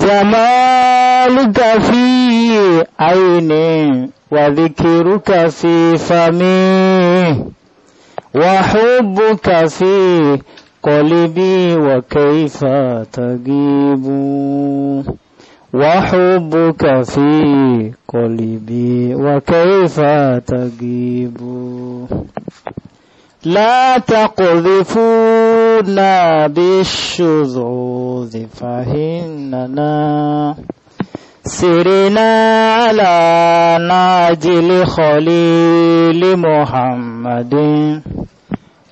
Jamaluka fi aini wa dhikruka fi fami wa hubbuka fi qalbi wa kaifa tagibu wa hubbuka fi qalbi wa kaifa tagibu لا تقذفونا بالشذوذ فهننا سرنا على ناجل خليل محمد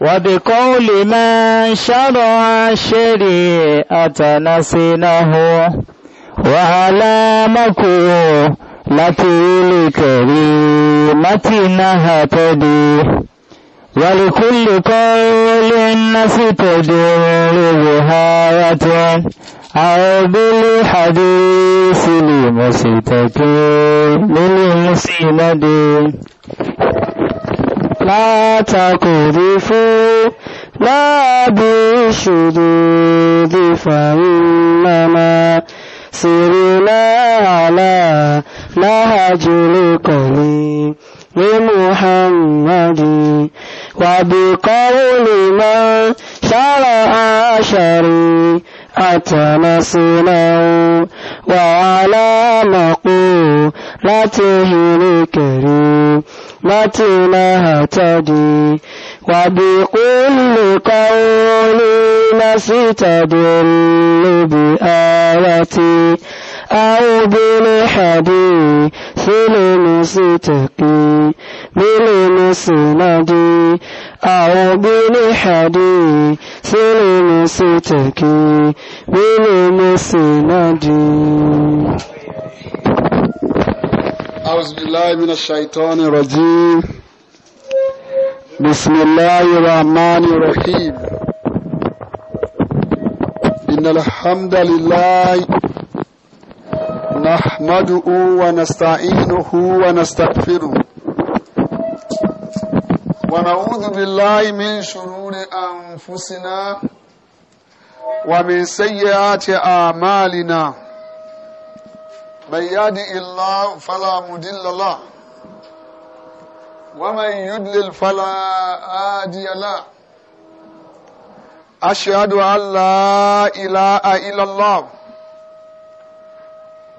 وبقول من شرع شريعة نسنه وعلى مكو لتي لكريمة نهتدي ولكل قول ستدور بهايته أو بالحديث لمستقيم للمسند لا تقذفوا لا بالشذوذ فإنما سرنا على نهج القليل لمحمد وبقول من شرع شريعتنا صنعوا وعلى مقولته لكريمتنا هتدي وبكل قول نستدل بآيتي أو بالحديث فلنسي تقي بلنسي نادي أو بلحدي فلنسي تقي بلنسي نادي أعوذ بالله من الشيطان الرجيم بسم الله الرحمن الرحيم إن الحمد لله نحمده ونستعينه ونستغفره ونعوذ بالله من شرور أنفسنا ومن سيئات أعمالنا من يهدئ الله فلا مضل له ومن يضلل فلا هادي له أشهد أن لا إله إلا الله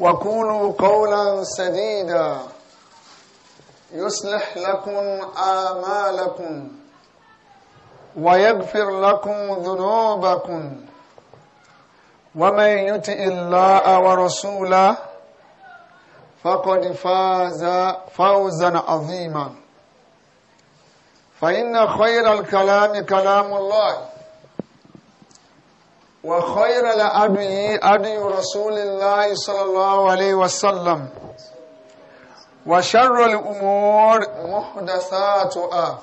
وقولوا قولا سديدا يصلح لكم آمالكم ويغفر لكم ذنوبكم ومن يطع الله ورسوله فقد فاز فوزا عظيما فإن خير الكلام كلام الله وخير الأدعي أدعي رسول الله صلى الله عليه وسلم وشر الأمور محدثاتها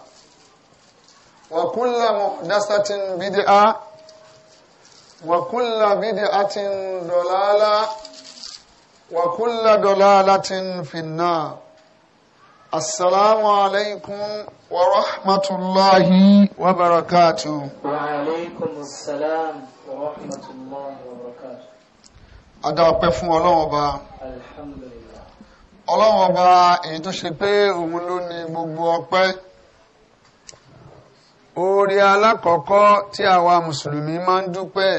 وكل محدثة بدعة وكل بدعة ضلالة وكل ضلالة في النار السلام عليكم ورحمة الله وبركاته وعليكم السلام adáwọ̀pẹ́ fún ọlọ́run ọba ọlọ́run ọba èyí tó ṣe pé òun ló ní gbogbo ọpẹ́ oore alákọ̀ọ́kọ́ tí àwa mùsùlùmí máa ń dúpẹ́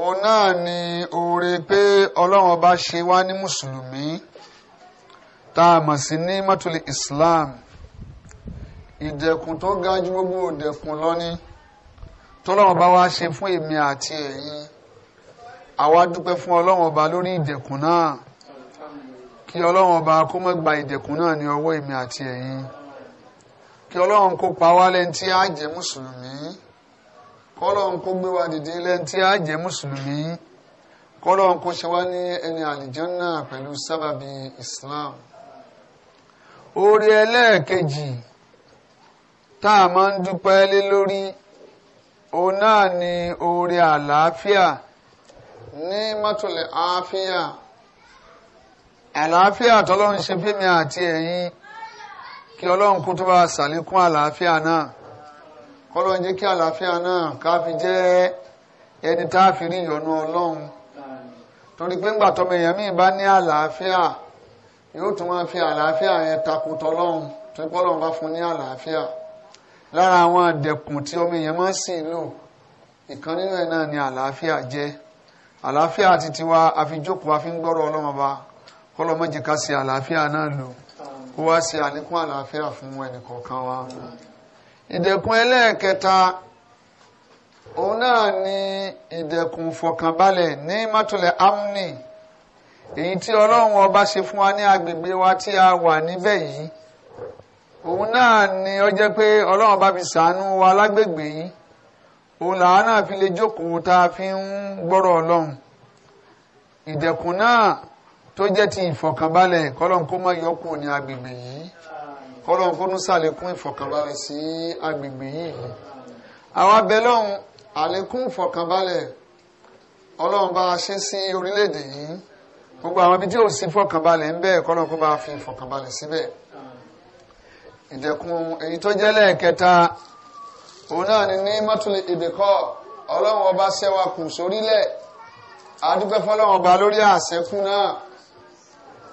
òun náà ni oore pé ọlọ́run ọba ṣe wá ní mùsùlùmí tá a mọ̀ sí ní mọ́tòlì Islam ìdẹ̀kùn tó ga ju gbogbo ìdẹ̀kùn lọ ni. Islam, tọ́lọ́wọ́n bá wá ṣe fún èmi àti ẹ̀yin àwa dúpẹ́ fún ọlọ́wọ́n ọba lórí ìdẹ̀kùn náà kí ọlọ́wọ́n ọba kó má gba ìdẹ̀kùn náà ní ọwọ́ èmi àti ẹ̀yin kí ọlọ́run kó pa wá lẹ́ni tí á jẹ́ mùsùlùmí kọ́lọ́run kó gbé wa dìde lẹ́ni tí á jẹ́ mùsùlùmí kọ́lọ́run kó ṣe wá ní ẹni àlìjánná pẹ̀lú sábàbí Islam oore ẹlẹ́ẹ̀kejì tá a máa ń dúpẹ́ lé lórí òun náà ni oore àlàáfíà ní mọ́tòlẹ̀ àáfíà àlàáfíà tọ́lọ́run ṣe fẹ́mi àti ẹ̀yin kí ọlọ́run kú tó bá ṣàlékún àlàáfíà náà kọ́lọ́run jẹ́ kí àlàáfíà náà ká fi jẹ́ ẹni tá a fi rí ìyọ́nú ọlọ́run torí pé ńgbà tọmọ èèyàn míì bá ní àlàáfíà yóò tún máa fi àlàáfíà yẹn takùtọ̀ ọlọ́run tó kọ́lọ́run bá fún ní àlàáfíà lára àwọn àdẹ̀kùn tí ọmọ èèyàn máa ń sìn lò ìkan nínú ẹ̀ náà ni àlàáfíà jẹ́ àlàáfíà àti tiwa àfijókòó àfi ń gbọ́rọ̀ ọlọ́mọba kọlọ́mọjì ká sí àlàáfíà náà lò kó wá sí àlékún àlàáfíà fún ẹnìkọ̀ọ̀kan wa. ìdẹ̀kùn ẹlẹ́ẹ̀kẹta òun náà ni ìdẹ̀kùn fọkànbalẹ̀ ní mọ́tòlẹ̀ amni èyí tí ọlọ́run ọba ṣe fún wa ní agbègbè wa tí a wà níbẹ̀ yìí òun náà ni ó jẹ́ pé ọlọ́run bá fi sàánú wa lágbègbè yìí òun làá náà fi lè jókòó ta a fi ń gbọ́rọ̀ ọlọ́run ìdẹ̀kùn náà tó jẹ́ ti ìfọ̀kànbalẹ̀ kọ́lọ́n kó má yọkù ní agbègbè yìí kọ́lọ́n kó ní ìfọ̀kànbalẹ̀ sí agbègbè yìí àwa bẹ lọ́hùn àlékún ìfọ̀kànbalẹ̀ ọlọ́run bá a ṣe sí orílẹ̀-èdè yìí gbogbo àwọn ibi tí ò sí ìfọ̀kànbalẹ̀ ń bẹ kọ́lọ́n kó bá a fi ìfọ̀kànbalẹ̀ síbẹ̀. ìdẹ̀kùn èyí tó jẹ́ lẹ́ẹ̀kẹta òun náà ni ní mọ́tòlì ìdẹ̀kọ́ ọlọ́run ọba ṣẹ́wàkùn sórílẹ̀ adúpẹ́ fọlọ́run ọba lórí àṣẹkùn náà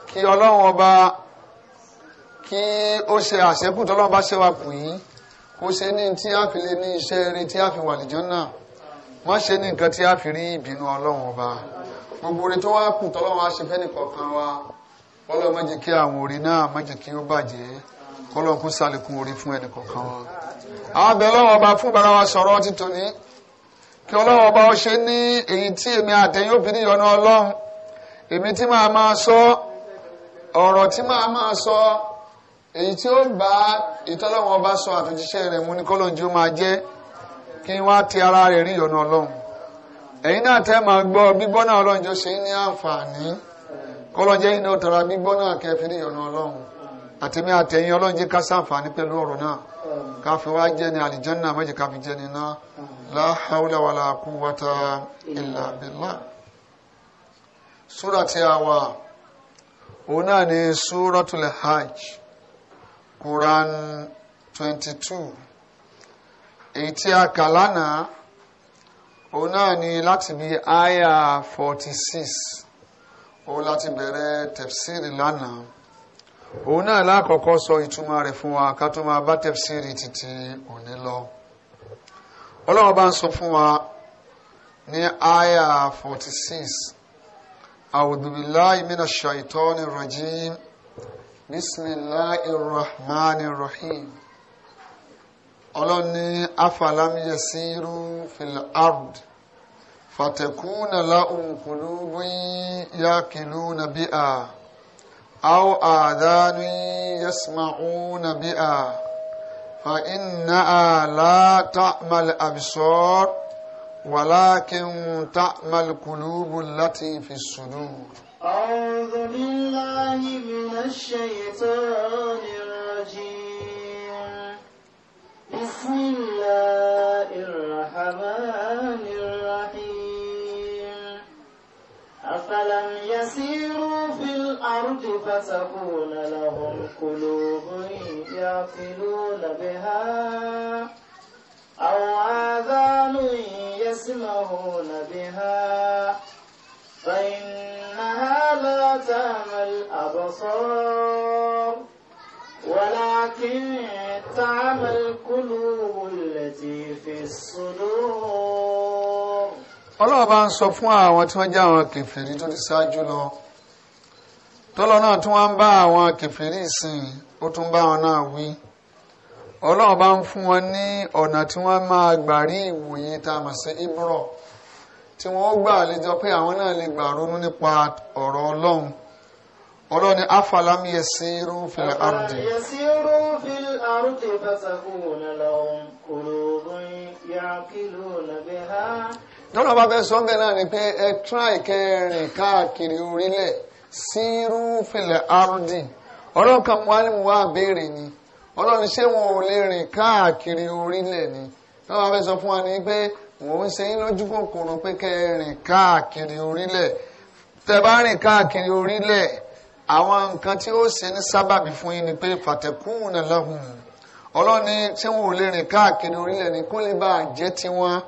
kí ọlọ́run ọba kí ó ṣe àṣẹkùn tọ́lọ́run ọba ṣẹ́wàkùn yìí kó ṣe ní tí a fi lè ní iṣẹ́ eré tí a fi wà lìjọ́ náà má ṣe ní nǹkan tí a fi rí ìbínú ọlọ́run ọba gbogbo orin tó wá kù tọ́lọ́run á nìkọ̀ọ̀kan wa ọlọ́run má jẹ́ kí àwọn orin náà má jẹ́ ó bàjẹ́ kọ́lọ́n kún sálẹ̀kún orí fún ẹnì kọ̀ọ̀kan wọn. àwọn bẹ̀rẹ̀ lọ́wọ́ ọba fún bàrà wa sọ̀rọ̀ ti tòní kí ọlọ́wọ́ ọba ó ṣe ní èyí tí èmi àtẹ̀yìn òbí níyọnu ọlọ́run èmi tí màá máa sọ ọ̀rọ̀ tí màá máa sọ èyí tí ó bá ìtọ́lọ́wọ́ ọba sọ àtúntíṣẹ́ rẹ̀ mú ní kọ́lọ́n jí máa jẹ́ kí wọ́n ti ara rẹ̀ rí ọlọ́run ẹ̀yin náà tẹ́ máa gbọ́ gbígbọ́ náà ọlọ́run jọ ṣe ní àǹfààní kọ́lọ́n iná tara gbígbọ́ náà kẹfì ní ìyọnu ọlọ́run àtẹ̀mí àtẹ̀yìn ọlọ́run jẹ́ ká ṣàǹfààní pẹ̀lú ọ̀rọ̀ náà ká fi wá jẹ́ ní àlìjánná má jẹ́ ká fi jẹ́ níná la hawla wala quwwata illa billah súra tí a wà òun náà ni súratul hajj quran 22 èyí tí a kà lánàá òun náà ni láti bí aya 46 òun láti bẹ̀rẹ̀ tafsiri lánàá. òun náà lákọ̀ọ́kọ́ sọ ìtumọ̀ rẹ̀ fún wa ká tó máa bá tẹ̀síìrì títí òní lọ ọlọ́run bá ń sọ fún wa ní àyà 46 a'udhu billahi minash shaitani rajim bismillahir rahmanir rahim ọlọ́run ní afalam yasiru fil أو آذان يسمعون بها فإنها لا تعمى الأبصار ولكن تعمى القلوب التي في الصدور أعوذ بالله من الشيطان الرجيم بسم الله الرحمن الرحيم أفلم يسيروا في الأرض فتكون لهم قلوب يعقلون بها أو آذان يسمعون بها فإنها لا تعمى الأبصار ولكن تعمى القلوب التي في الصدور ọlọ́run bá ń sọ fún àwọn tí wọ́n jẹ́ àwọn kèfèrí tó ti ṣáájú lọ tọ́lọ́ náà tí wọ́n ń bá àwọn kèfèrí sìn ó tún bá wọn náà wí ọlọ́run bá ń fún wọn ní ọ̀nà tí wọ́n máa gbà rí ìwòye tá a mọ̀ sí ibùrọ̀ tí wọ́n gbà lẹ́jọ́ pé àwọn náà lè gbà ronú nípa ọ̀rọ̀ ọlọ́run ọlọ́run ni afalam yasiru fil ardi. yasiru fil ardi fatakuna lahum qulubun tọ́nà bá fẹ́ sọ ń bẹ̀ náà ni pé ẹ tíráì kẹrin káàkiri orílẹ̀ sírúfìlẹ̀ ardi ọlọ́run kan wá ní wá béèrè ni ọlọ́run ṣé wọn ò lè rìn káàkiri orílẹ̀ ni tọ́nà bá fẹ́ sọ fún wa ni pé mò ń ṣe yín lójú kòkòrò pé kẹrin káàkiri orílẹ̀ tẹ bá rìn káàkiri orílẹ̀ àwọn nǹkan tí ó ṣe ní sábàbí fún yín ni pé fàtẹ̀kùn náà lọ́hùn-ún ọlọ́run ni ṣé wọn ò lè rìn káàkiri orílẹ̀ ni kó lè bá a tiwọn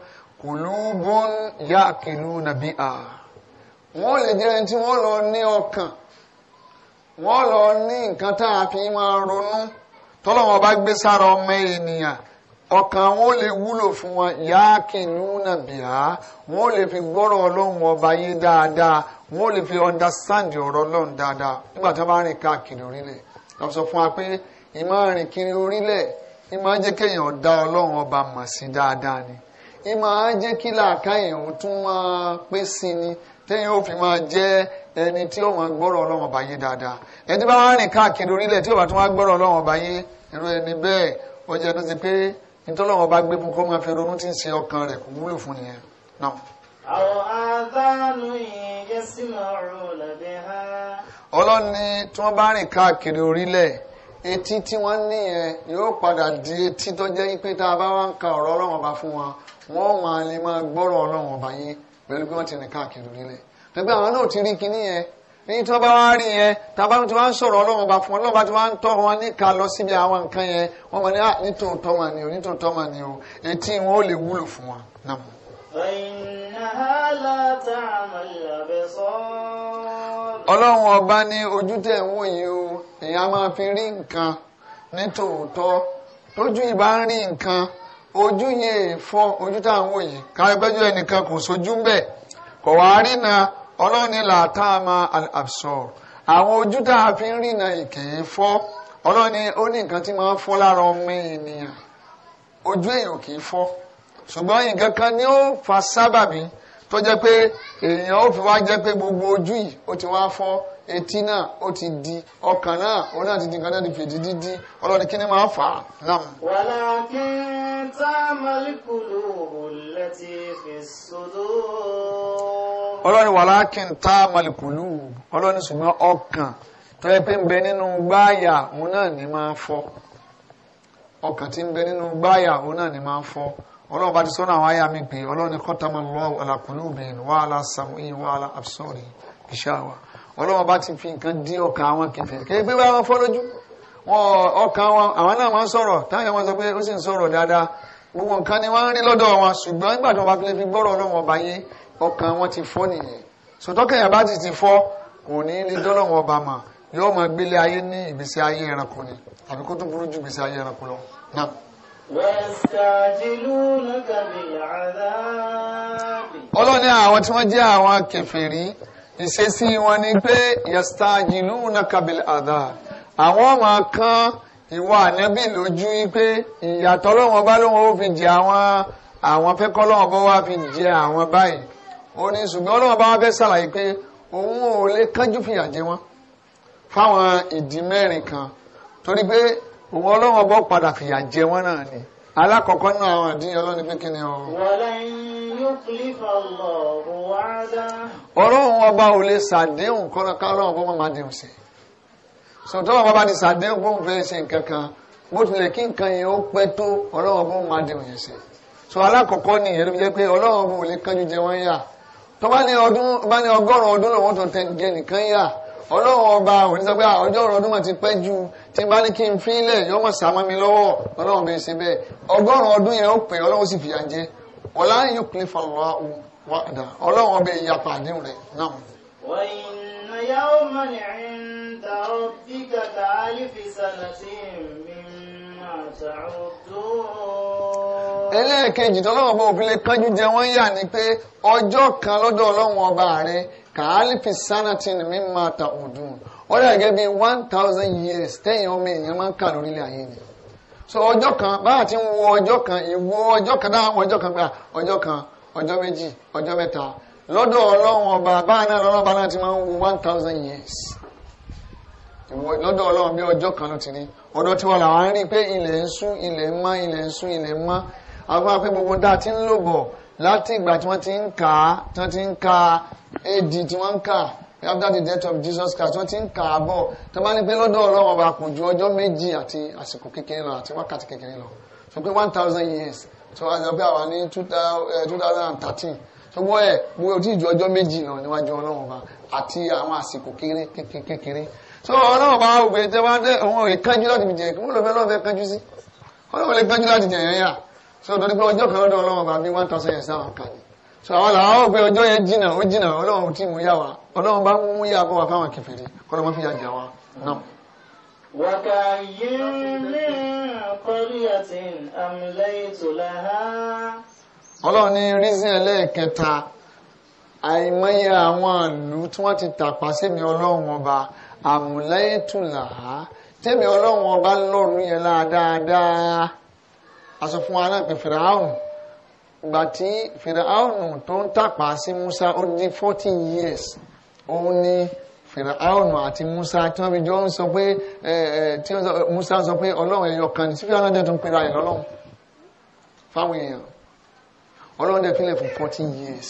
kùlùbọ́n yá kìlú nàbí à wọ́n lè jẹ́ ẹni tí wọ́n lọ ní ọkàn lọ ní nǹkan a fi máa ronú tọ́lọ́wọ́n bá gbé sára ọmọ ènìyàn ọkàn wọn lè wúlò fún wọn yá kìlú nàbí fi gbọ́rọ̀ ọlọ́run ọba yé dáadáa wọ́n lè fi understand ọrọ ọlọ́run dáadáa nígbà tí wọ́n bá rìn káàkiri orílẹ̀ lọ́ sọ fún wa pé ìmọ̀ rìn kiri orílẹ̀ ìmọ̀ jẹ́ kéèyàn dá ọlọ́run ọba mọ̀ sí dáadáa ni. ì máa ń jẹ́ kí làákà èèyàn tún máa pé sí ni téèyàn ó fi máa jẹ́ ẹni tí ó máa gbọ́rọ̀ ọlọ́run ọba yé dáadáa ẹni tí bá wá rìn káàkiri orílẹ̀ tí ó bá tún wá gbọ́rọ̀ ọlọ́run ọba yé irú ẹni bẹ́ẹ̀ ó jẹ́ tó pé nítọ́lọ́run ọba gbé fún kó máa fi ronú tí ń ṣe ọkàn rẹ̀ kò wúlò fún nìyẹn náà. àwọn àdánù yìí yẹ sí màrún làbẹ́ ha. ọlọ́ni tí wọ́n bá rìn káàkiri orílẹ̀ etí tí wọ́n ní yẹn yóò padà di etí tó jẹ́ pé tá a bá wá ń ka ọ̀rọ̀ ọlọ́run ọba fún wọn wọ́n máa lè máa gbọ́rọ̀ ọlọ́run ọba yi pẹ̀lú bí wọ́n ti rìn káàkiri nílẹ̀ pẹ̀lú àwọn náà ti rí kinní yẹn ní bá wá rí yẹn tábà tí wọ́n sọ̀rọ̀ ọlọ́run ọba fún ọlọ́run wọn níka lọ síbi àwọn nǹkan yẹn wọ́n mọ̀ ní à ah, nítòótọ́ mà ni nítòótọ́ mà o etí wọn lè wúlò fún wọn ọba ní ojú o èèyàn a máa fi rí nǹkan ní tòótọ́ tójú ìbá ń rí nǹkan ojú yẹn èèfọ́ ojú tá à ń wò yìí káyọ̀pẹ́jọ ẹnìkan kò sójú mbẹ́ bẹ̀ kò wá rí na ọlọ́run ni làtà máa àbsọ̀ àwọn ojú tá a fi ń rí na ìkèé fọ́ ọlọ́run ni ó ní nǹkan tí máa ń fọ́ lára ọmọ ènìyàn ojú èèyàn kì í fọ́ ṣùgbọ́n nǹkan kan ni ó fa sábàbí tó jẹ́ pé èèyàn ó fi wá jẹ́ pé gbogbo ojú yìí ó ti wá fọ́ etí náà ó ti di ọkàn náà òun náà ti di nǹkan náà ti fèdí dídí ọlọ́ni kí máa fà á náà. wàlá kí n tá malikulu òlẹ̀ ti fi sódò. ọlọ́ni wàlá kí n tá malikulu ọlọ́ni ṣùgbọ́n ọkàn tó yẹ pé ń bẹ nínú gbáàyà òun náà ni máa fọ́ ọkàn tí ń bẹ nínú gbáàyà òun náà ni máa fọ́ ọlọ́run bá ti sọ́nà àwọn àyà mi pé ọlọ́run ni kọ́tàmọ́ lọ́wọ́ ala qulubihim wa ala sam'ihim wa ala ìṣáwá ọlọ́wọ́n bá ti fi nǹkan dín ọkàn àwọn kẹfẹ́ kẹ́ gbé bá wọn fọ́ lójú wọn ọkàn wọn àwọn náà wọn sọ̀rọ̀ táyà wọn sọ pé ó sì ń sọ̀rọ̀ dáadáa gbogbo nǹkan ni wọ́n ń rí lọ́dọ̀ wọn ṣùgbọ́n nígbà tí wọ́n bá fi gbọ́rọ̀ ọlọ́wọ́n bá yé ọkàn wọn ti fọ́ nìyẹn sọtọ́kẹ̀yà bá ti ti fọ́ kò ní ní dọ́lọ́wọ́n ọba mà yóò máa gbélé ayé ní ìgbésí ayé ẹranko ni àbí kó tún burú ju ìgbésí ayé ẹranko lọ náà. ọlọ́ni àwọn tí wọ́n jẹ́ àwọn kèfèrí ìṣesí wọn ni pé yastajilunaka bil adha àwọn máa kán ìwà ànábì lójú wípé ìyàtọ̀ lọ́wọ́n bá lóun ó fi jẹ àwọn àwọn fẹ́ kọ́ lọ́wọ́n bá wá fi jẹ àwọn báyìí ó ní ṣùgbọ́n lọ́wọ́n bá wá fẹ́ ṣàlàyé pé òun ò lè kánjú fìyà jẹ wọn fáwọn ìdí mẹ́rin kan torí pé òun ọlọ́wọ́n bọ́ padà fìyà jẹ wọn náà ni alákọ̀ọ́kọ́ náà àwọn àdínyẹ ọlọ́ni pé kí ni ọ. ọ̀rọ̀ òun ọba ò lè ṣàdéhùn kọ́nàká ọlọ́run kó má má déhùn sí. sọ̀tọ́ ọba bá ti ṣàdéhùn kó ń fẹ́ ṣe nǹkan kan bó tilẹ̀ kí nǹkan yẹn ó pẹ́ tó ọlọ́run kó má déhùn yẹn sí. sọ alákọ̀ọ́kọ́ ni ìyẹn ló fi jẹ́ pé ọlọ́run kò lè kánjú jẹ wọ́n yà tó bá ní ọgọ́rùn-ún ọdún lòun tó tẹ ọlọ́run ọba ò ní sọ pé ọjọ́ ọdún mà ti pẹ́ ju tí n bá ní kí n fi ilẹ̀ yọ mọ̀ sá mọ́ mi lọ́wọ́ ọlọ́run bẹ́ẹ̀ ṣe bẹ́ẹ̀ ọgọ́rùn-ún ọdún yẹn ó pè ọlọ́run sì fìyà jẹ ọ̀la yóò pè fọlọ́wọ́ wàdà ọlọ́run ọbẹ̀ ìyapa àdéhùn rẹ̀ náà. وإن يوما عند ربك كألف سنة مما تعدون. ẹlẹ́ẹ̀kejì tọ́lọ́wọ́ bá òfin lè kánjú jẹ wọ́n yà ni pé ọjọ́ kan lọ́dọ̀ ọlọ́run ọba rẹ̀ kàálífì sanatin mímọ́ ta ọdún ó dà gẹ́gẹ́ bí one thousand years tẹ́yìn ọmọ èèyàn máa ń kà lórílẹ̀ ayé ni so ọjọ́ kan báyà ti ń wo ọjọ́ kan ìwo ọjọ́ kan dáhùn ọjọ́ kan gbà ọjọ́ kan ọjọ́ méjì ọjọ́ mẹ́ta lọ́dọ̀ ọlọ́run ọba báyà náà lọ́rọ̀ ọba náà ti máa ń wo one thousand years lọ́dọ̀ ọlọ́run bí ọjọ́ kan ló ti rí ọ̀dọ̀ tiwa làwọn rí pé ilẹ̀ ń sún ilẹ̀ ń mọ́ ilẹ̀ ń sún ilẹ̀ ń mọ́ àwọn afẹ́ gbogbo dáa ti ń lò bọ̀ láti ìgbà tí wọ́n ti ń kà tí wọ́n ti ń ka éèdì tí wọ́n ń kà after the death of Jesus Christ wọ́n ti ń kà á bọ̀ tó bá ní pé lọ́dọ̀ Ọlọ́run ọba kò ju ọjọ́ méjì àti àsìkò kékeré lọ àti wákàtí kékeré lọ so pé one thousand years so àti ọ̀pẹ́ àwa ní two eh, thousand thirteen so wọ́n ẹ̀ mo ò tí ì ju ọjọ́ méjì lọ níwájú Ọlọ́run ọba àti àwọn àsìkò kékeré so Ọlọ́run ọba ògbè tẹ́ wá dé òun ò kánjú láti fi jẹ́ kí wọ́n lọ fẹ́ lọ́ọ́ fẹ́ kánjú sí Ọlọ́run láti jẹ́ so torí pé ọjọ́ kan lọ́dọ̀ ọlọ́run bá bí one thousand years náà kàn ní so àwọn làwọn ò pé ọjọ́ yẹn jìnnà ó jìnnà ọlọ́run tí mú yá wa ọlọ́run bá mú yá bọ́ wa fáwọn kẹfìrí ọlọ́run fi yà jà wa náà. وكأين من قرية أمليت لها ọlọ́run ní rízìn ẹlẹ́ẹ̀kẹta àìmọye àwọn ìlú tí wọ́n ti tàpá sẹ́mi ọlọ́run ọba àmúlẹ́yìntùlá tẹ́mi ọlọ́run ọba lọ́rùn yẹn láadáadáa aṣọ fún wa náà pé fìràáhùn ìgbà tí fìràáhùn tó ń tàpá sí musa ó di forty years òun ni fìràáhùn àti musa tí wọ́n fi jọ ń sọ pé tí musa sọ pé ọlọ́run ẹ̀yọ kan ní sífìràáhùn náà tó ń pera ẹ̀ lọ́lọ́run fáwọn èèyàn ọlọ́run dẹ̀ fílẹ̀ fún forty years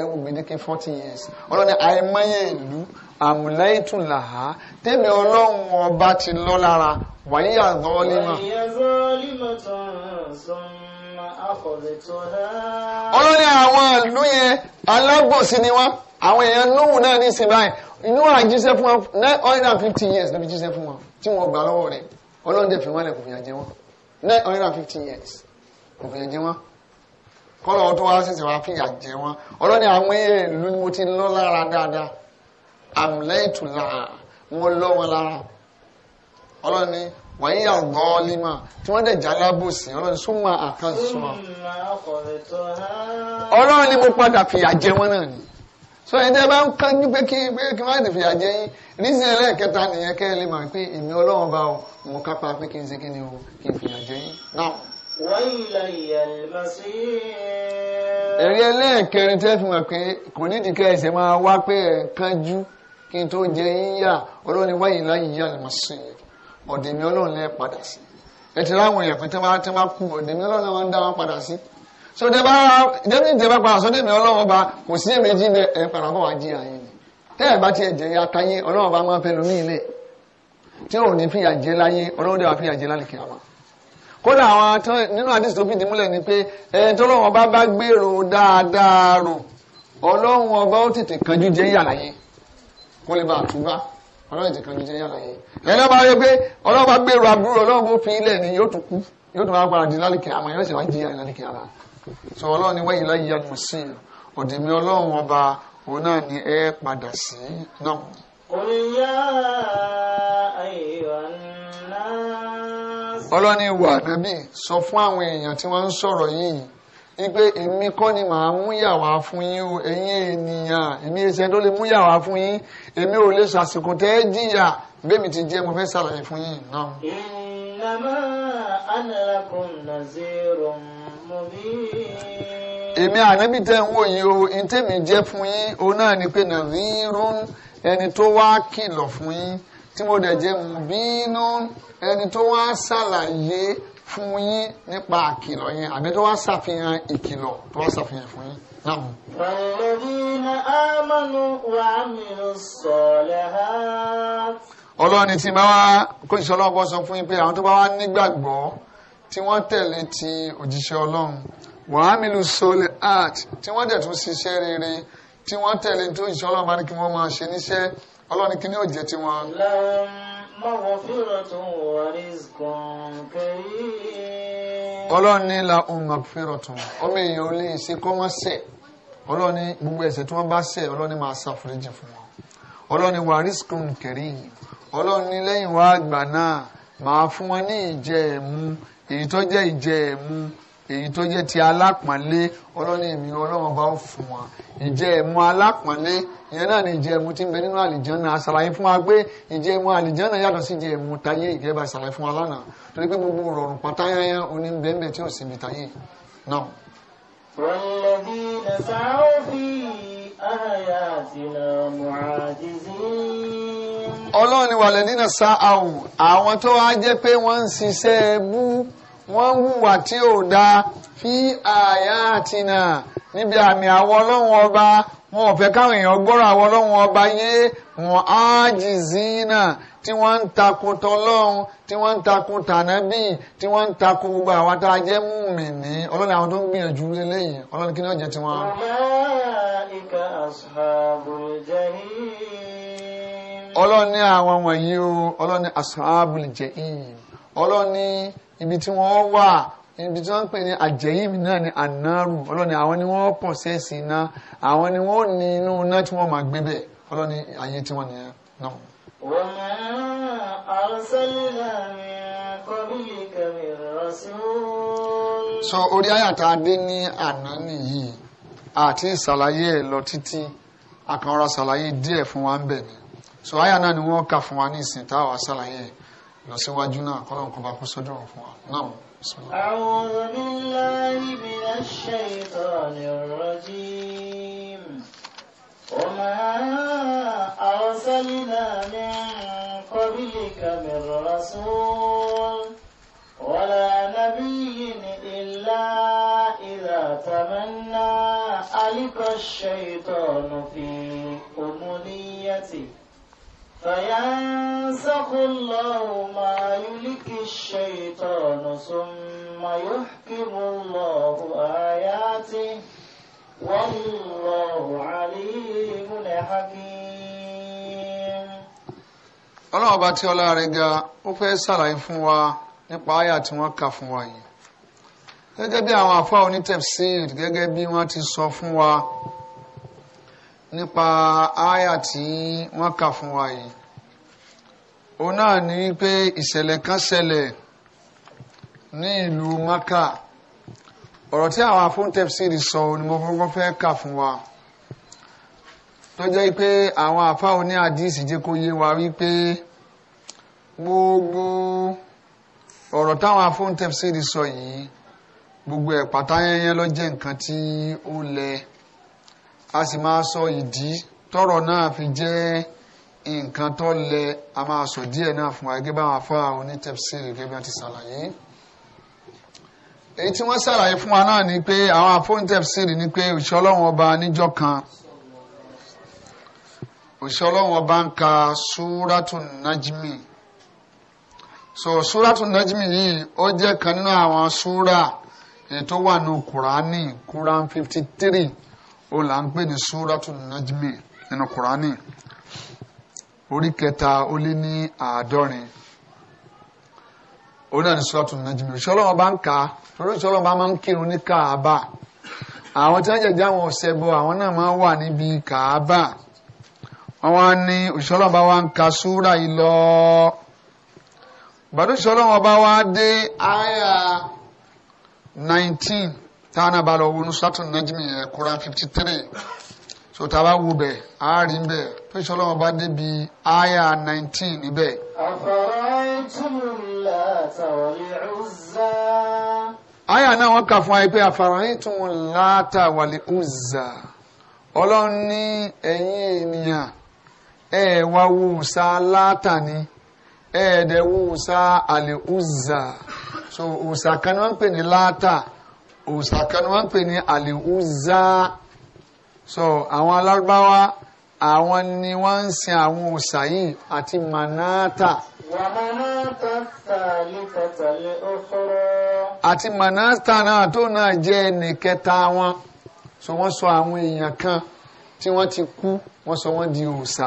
ẹwù gbèdéke forty years ọlọ́run àìmọye ìlú àmúlẹ́yìntún làá tẹ́mi ọlọ́run ọba ti lọ lára wàyí àzọ́ ọ́ lé kẹ́límọ̀ tán sọ́mà àkọ̀bẹ̀tọ̀lá. ọlọ́ni àwọn ìlú yẹn alágbòsí ni wọ́n àwọn èèyàn lóhùn náà ní ìsìn báyìí inú àjíṣẹ́ fún wọn nine hundred and fifty years ló fi jíṣẹ́ fún wọn tí wọ́n gbà lọ́wọ́ rẹ̀ ọlọ́run dẹ̀ fi wọ́n lẹ̀ kò nine hundred and fifty years kò fìyà jẹ wọ́n kọ́lọ̀ ọdún wa ṣẹ̀ṣẹ̀ wá fìyà jẹ wọ́n ọlọ́ni àwọn èèyàn ìlú ni mo ti lọ́ lára dáadáa àmì lẹ́yìn tù lára wọn lọ́ wọn lára ọlọ́ni wàyí àgbọ̀ ọ́límà tí wọ́n dẹ̀ já lábòsí ọlọ́run súnmọ́ àkànṣọ́. ọlọ́run ni mo padà fìyà jẹ wọn náà ni so ẹ̀dá bá ń kánjú pé kí pé kí wọ́n ti fìyà jẹ yín nísìn ẹlẹ́ẹ̀kẹta nìyẹn kẹ́ ẹ lè máa pé èmi ọlọ́run bá ọ mo kápá pé kí n ṣe kí ni o kí n fìyà jẹ yín náà. ẹ̀rí ẹlẹ́ẹ̀kẹrin tẹ́ fi mọ̀ pé kò nídìí kẹ́ ẹsẹ̀ máa wá pé ẹ̀ kánjú kí n tó jẹ yín yà ọlọ́run wáyé láyé yà lè máa sìn yìí ọ̀dẹ̀mí ọlọ́run lẹ́ padà sí ẹ ti láwọn èèyàn pín tí wọ́n ti máa kú ọ̀dẹ̀mí ọlọ́run máa ń dá wọn padà sí so dẹ́bà dẹ́bí ìjẹba padà sọ dẹ́mi ọlọ́run ọba kò sí èmi jí bẹ ẹ padà bọ̀ wá jí àyè ni tẹ́ ẹ bá tiẹ̀ jẹ́ ya táyé ọlọ́run ọba máa fẹ́ lómi ilé tí ò ní fìyà jẹ láyé ọlọ́run dẹ́wà fìyà jẹ lálẹ́ kìámà kódà àwọn tó nínú àdìsí tó fìdí múlẹ̀ ni pé ẹni tó lọ́wọ́ bá bá kó lè bá àtúbá ọlọ́run ti kanjú jẹ́ yàrá yẹn ẹ lọ́ba yẹ pé ọlọ́ba gbèrò àbúrò ọlọ́run kò fi ilẹ̀ ni yóò tún kú yóò tún wá padà di lálùkẹ́ àmọ́ yóò sì wá jìyà lálùkẹ́ ara so ọlọ́run ni wẹ́yìn láyé yanu sí i òdìmí ọlọ́run ọba òun náà ni ẹ padà sí náà. òyìnbá ayọ̀ náà. ọlọ́ni wà nábì sọ fún àwọn èèyàn tí wọ́n ń sọ̀rọ̀ yìí igbe èmi kọ́ ni màá mú yàwá fún yín o ẹ̀yin ènìyàn èmi ẹsẹ̀ tó lè mú yàwá fún yín èmi ò lè ṣàsìkò tẹ́ ẹ́ jìyà bẹ́ẹ̀ mi ti jẹ́ mo fẹ́ ṣàlàyé fún yín náà. innama ana lakum nazirun mubin. èmi ànábì tẹ́ ń wò yìí o ntẹ́mi jẹ́ fún yín o náà ni pé nazirun ẹni tó wá kìlọ̀ fún yín tí mo dẹ̀ jẹ́ mubinun ẹni tó wá ṣàlàyé fún yín nípa àkìlọ̀ yẹn àbí tó wá ṣàfihàn ìkìlọ̀ tó wá ṣàfihàn fún yín náà. Walladhina amanu wa amilu salihat. ọlọ́ni tí bá wá kó ìṣọ́ ọlọ́run bọ́ sọ fún yín pé àwọn tó bá wá nígbàgbọ́ tí wọ́n tẹ̀lé ti òjíṣẹ́ ọlọ́run wa amilu salihat tí wọ́n dẹ̀ tún ṣiṣẹ́ rere tí wọ́n tẹ̀lé tó ìṣọ́ ọlọ́run kí wọ́n máa ṣe níṣẹ́ ọlọ́ni kí ni ó jẹ́ tiwọn. lẹ́yìn مغفرة ورزق كريم ọlọ́run ní la magfiratun ọmọ èèyàn ò lè ṣe kọ́ wọ́n ṣẹ̀ ọlọ́run ní gbogbo ẹ̀ṣẹ̀ tí wọ́n bá ṣẹ̀ ọlọ́run ní máa ṣàforíjì fún wọn ọlọ́run ní wa rizqun karim ọlọ́run ní lẹ́yìn wá àgbà náà máa fún wọn ní ìjẹ́ ẹ̀mú èyí tó jẹ́ ìjẹ́ ẹ̀mú èyí tó jẹ́ ti alápọ̀nlé ọlọ́ni èmi ọlọ́run bá fún ìjẹ́ ẹ̀mú ìyẹn náà ni ìjẹ́ ẹ̀mú tí ń bẹ nínú àlìjánná àṣàlàyé fún wa pé ìjẹ́ ẹ̀mú àlìjánná yàtọ̀ sí ìjẹ́ ẹ̀mú táyé ìjẹ́ bá ṣàlàyé fún wa lánàá torí pé gbogbo rọrùn pátáyáyá oní bẹ́ẹ̀ tí ò síbi táyé náà. ọlọ́run ni wàlẹ́dínà sáà àwọn tó wá jẹ́ pé wọ́n ń ṣiṣẹ́ wọ́n hùwà tí ò dáa fi àyà àtinà níbi àmì àwọn ọlọ́run ọba wọn ò fẹ́ káwọn èèyàn gbọ́rọ̀ àwọn ọlọ́run ọba yé wọn á jì zina tí wọ́n ń takun tọlọ́run tí wọ́n ń takun tànábì tí wọ́n ń takun gbogbo àwọn tá a jẹ́ mùmìnì ọlọ́run àwọn tó ń gbìyànjú lélẹ́yìn ọlọ́run kí ni ọ̀jẹ̀ tiwọn. ọ̀mẹ́ríkà ashabul jahim. ọlọ́run ní àwọn wọ̀nyí o ọlọ́run ní ashabul jahim ọlọ́run ní ibi tí wọ́n wà ibi tí wọ́n ń pè ní àjẹyìn náà ni ànáàrù ọlọ́ni àwọn ni wọ́n pọ̀ sẹ́ẹ̀sì iná àwọn ni wọ́n ní inú iná tí wọ́n máa gbé bẹ̀ ọlọ́ni ayé tí wọ́n nìyẹn náà. wọ́n máa ń sẹ́lẹ̀ láàrin kọ́bílì kẹrìnrán sí wọn. sọ orí àyàtà adé ní àná nìyí àti ìsàlàyé ẹ̀ lọ títí àkànrọ̀ sàlàyé díẹ̀ fún wa ń bẹ̀ ni sọ àyà náà ni wọ́n kà fún wa ní ìsìn táwa sàlàyé ẹ̀ ìlọsíwájú náà kọ́lọ́n kọba kó sọ́dọ̀ fún wa náà أعوذ بالله من الشيطان الرجيم وما أرسلنا من قبلك من رسول ولا نبي إلا إذا تمنى ألقى الشيطان في أمنيته فينسخ الله ما يلك الشيطان ثم يحكم الله آياته والله عليم حكيم ọlọ́run ọba tí ọlá rẹ̀ ga ó fẹ́ ṣàlàyé fún wa nípa àyà tí wọ́n kà fún wa yìí gẹ́gẹ́ bí àwọn àfáà onítẹ̀fsíìrì gẹ́gẹ́ bí wọ́n ti sọ fún wa nípa àyà tí wọ́n kà fún wa yìí òun náà ní pé ìṣẹ̀lẹ̀ kan ṣẹlẹ̀ ní ìlú maka ọ̀rọ̀ tí àwọn afúntẹ́fsìrì sọ ni mo fọ́nkọ́ fẹ́ kà fún wa tó jẹ́ pé àwọn àfa òní àdíìsì jẹ́ kó yé wa wípé gbogbo ọ̀rọ̀ táwọn afúntẹ́fsìrì sọ yìí gbogbo ẹ̀ pàtàyẹyẹ ló jẹ́ nǹkan tí ó lẹ̀ a sì máa sọ ìdí tọrọ náà fi jẹ́ nǹkan tó lẹ a máa sọ díẹ̀ náà fún wa gẹ́gẹ́ bá wọn fún àwọn onítẹ̀síìrì gẹ́gẹ́ bá ti ṣàlàyé èyí tí wọ́n ṣàlàyé fún wa náà ni pé àwọn afóńtẹ̀síìrì ni pé òṣìṣẹ́ ọlọ́run ọba níjọ́ kan òṣìṣẹ́ ọlọ́run ọba ń ka súrátù nájímì so súrátù nájímì yìí ó jẹ́ kan nínú àwọn súrà èyí wà ní kùránì kùrán fifty three ó là ń pè suratu najmi nínú kurani orí kẹta ó lé ní àádọ́rin ó náà ní suratu najmi ìṣọlọ́wọ́ bá ń kà á torí ìṣọlọ́wọ́ bá máa ń kírun ní káàbà àwọn tí wọ́n jẹ̀jẹ̀ àwọn ọ̀sẹ̀ bọ àwọn náà máa ń wà níbi káàbà wọ́n wá ní ìṣọlọ́wọ́ bá wá ń ka súra yìí lọ gbàdúrà ìṣọlọ́wọ́ wá dé àyà nineteen táwọn bá lọ wọnú sátún najmi yẹn eh, Quran fifty three so tàbá wo bẹ a rí bẹ pẹṣẹ Ọlọ́run bá débi aya nineteen níbẹ̀. aya náà wọ́n kà fún wa pé afara'aytumul Lata wal Uzza Ọlọ́run ní ẹ̀yin ènìyàn ẹ wá wùsà Lata ni ẹ dẹ̀ wùsà al Uzza so òòsà kan ni wọ́n ń pè ní Lata òòsà kan ni wọ́n ń pè ní àlìhúzá so àwọn alárúbáwá àwọn ni wọ́n ń sin àwọn òòsà yìí àti manata. wà manata tààlì kọtàlì ọkọrọ. àti manata náà tó náà jẹ́ ẹnì kẹta wọn so wọ́n sọ àwọn èèyàn kan tí wọ́n ti kú wọ́n sọ wọ́n di òòsà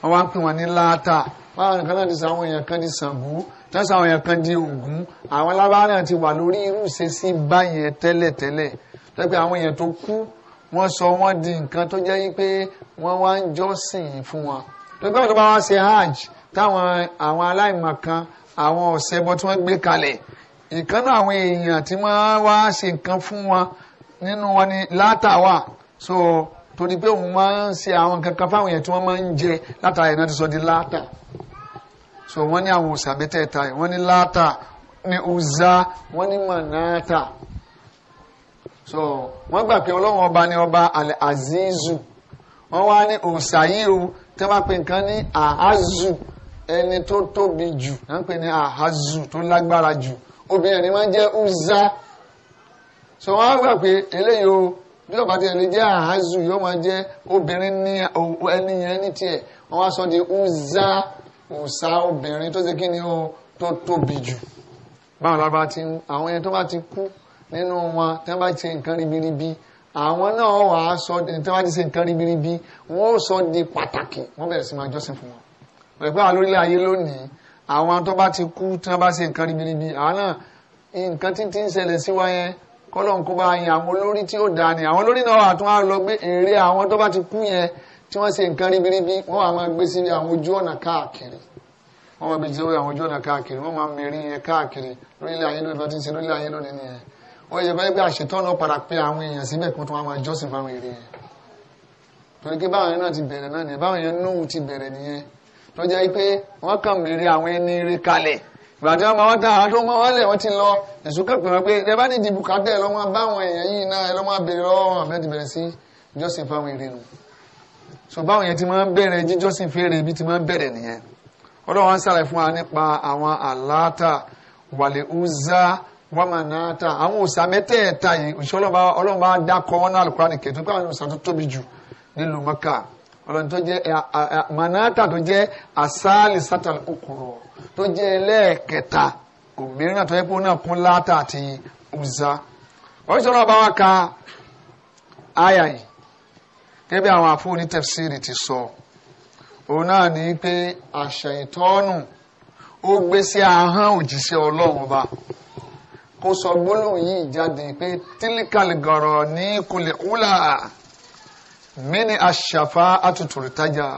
wọ́n wá ń pè wọ́n ní láàtà wọ́n àwọn kan náà ti sọ àwọn èèyàn kan di Ṣàngó tẹ́sán àwọn yẹn kan di ògún àwọn alábára náà ti wà lórí irú ìṣesí báyẹn tẹ́lẹ̀tẹ́lẹ̀ tẹ́pẹ́ àwọn èèyàn tó kú wọ́n sọ wọ́n di nǹkan tó jẹ́ wípé wọ́n wá ń jọ́sìn fún wọn tẹ́pẹ́ tó bá wá ṣe hajj táwọn àwọn aláìmọ̀kan àwọn ọ̀sẹ̀bọ tí wọ́n gbé kalẹ̀ ìkan náà àwọn èèyàn tí wọ́n wá ṣe nǹkan fún wọn nínú wọn ni látàwà so torí pé òun máa ń ṣe àwọn kankan fáwọn èèyàn tí wọ́n máa ń jẹ látàrí náà ti sọ di látà so wọ́n ní àwọn òòsà mẹ́tẹ̀ẹ̀ta yìí wọ́n ní láàtà ní uzza wọ́n ní manata so wọ́n gbà pé ọlọ́run ọba ní ọba alẹ́ azizu wọ́n wá ní òòsà yìí o tẹ́ bá pe nǹkan ní ahazu ẹni tó tóbi jù náà ń pè ní ahazu tó lágbára jù obìnrin ni wọ́n jẹ́ uzza so wọ́n gbà pé eléyìí o bí ọba tí ẹni jẹ́ ahazu yóò máa jẹ́ obìnrin ní ẹni yẹn ní tiẹ̀ wọ́n wá sọ di uzza òòsà obìnrin tó ṣe kí ni o tó tóbi jù báwọn lábá ti àwọn ẹni tó bá ti kú nínú wọn tí wọ́n bá ti ṣe nǹkan ribiribi àwọn náà wà á sọ tí wọ́n bá ti ṣe nǹkan ribiribi wọ́n ó sọ di pàtàkì wọ́n bẹ̀rẹ̀ sí máa jọ́sìn fún wọn rẹ̀ pé àwọn lórílẹ̀ ayé lónìí àwọn tó bá ti kú tí wọ́n bá ṣe nǹkan ribiribi àwọn náà nǹkan tí ti ń ṣẹlẹ̀ sí wa yẹn bá yin àwọn olórí tí ó dáa ni àwọn olórí náà àtúnwá lọ gbé èrè àwọn tó bá ti kú yẹn tí wọ́n ṣe nǹkan ríbiríbi wọ́n wà máa gbé sí àwọn ojú ọ̀nà káàkiri wọ́n máa gbé sí àwọn ojú ọ̀nà káàkiri wọ́n máa mẹ́rin yẹn káàkiri lórílẹ̀ ayé lónìí lọ́tí sí lórílẹ̀ ayé lónìí nìyẹn wọ́n yẹ báyìí pé àṣetọ́nà padà pé àwọn èèyàn síbẹ̀ kó tó wọ́n máa jọ́sìn fáwọn èrè yẹn torí pé báwọn náà ti bẹ̀rẹ̀ náà nìyẹn báwọn yẹn ti bẹ̀rẹ̀ nìyẹn tó jẹ́ pé wọ́n ti lọ wọn pé ẹ bá ní ìdìbò ẹ èèyàn yìí náà ẹ so báwọn yẹn ti máa ń bẹ̀rẹ̀ jíjọ́sìn fèrè ibi ti máa ń bẹ̀rẹ̀ nìyẹn ọlọ́wọ́n ń sàlẹ̀ fún wa nípa àwọn àláàtà wàlẹ̀ uzá wàmánáàtà àwọn òòsà mẹ́tẹ̀ẹ̀ta yìí òṣìṣẹ́ ọlọ́run bá dákọ̀ wọn náà Al-Qur'ani kẹ́tù pé àwọn òòsà tó tóbi jù nílùú Mẹ́kà ọlọ́run tó jẹ́ manáàtà tó jẹ́ asáàlì sátà okòrò tó jẹ́ ẹlẹ́ẹ̀kẹta òmìnira tó yẹ kó náà kún láàtà àti uzá òṣìṣẹ́ ọlọ́run bá ka áyà yìí gẹ́gẹ́ bí àwọn àfúnni tẹ̀fsíìrì ti sọ òun náà ní pé àṣà ìtọ́nù ó gbé sí ahọ́n òjíṣẹ́ ọlọ́run ọba kó sọ gbólóhùn yìí jáde pé tílíkàlì gọ̀rọ̀ ní kùlẹ̀kùlà mí ni àṣàfà àtútùrìtájà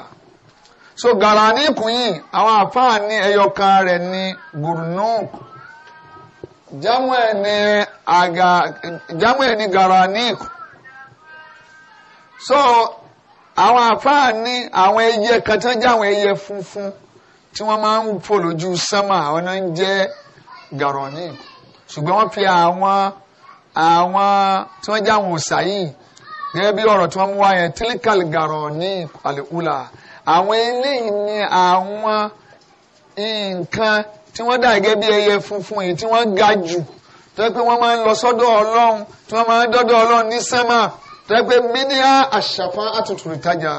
so garaníkù yìí àwọn àfáà ní ẹyọkan rẹ̀ ní gurnuk jámù ẹ̀ ní garaníkù so àwọn àfáà ní àwọn ẹyẹ kan tí wọ́n jẹ́ àwọn ẹyẹ funfun tí wọ́n máa ń fò lójú sánmà àwọn náà ń jẹ́ gàrọ̀nì ṣùgbọ́n wọ́n fi àwọn àwọn tí wọ́n jẹ́ àwọn òòṣà yìí gẹ́gẹ́ bí ọ̀rọ̀ tí wọ́n mú wá yẹn tílíkàlì gàrọ̀nì àlèkúlà àwọn eléyìí ni àwọn nǹkan tí wọ́n dà gẹ́gẹ́ bí ẹyẹ funfun yìí tí wọ́n ga jù tó yẹ pé wọ́n máa ń lọ sọ́dọ̀ ọlọ́run tí wọ́n máa ń dọ́dọ̀ ọlọ́run ní sánmà tẹ́gbẹ́ mínírà àṣàfà àtúntún ìtajà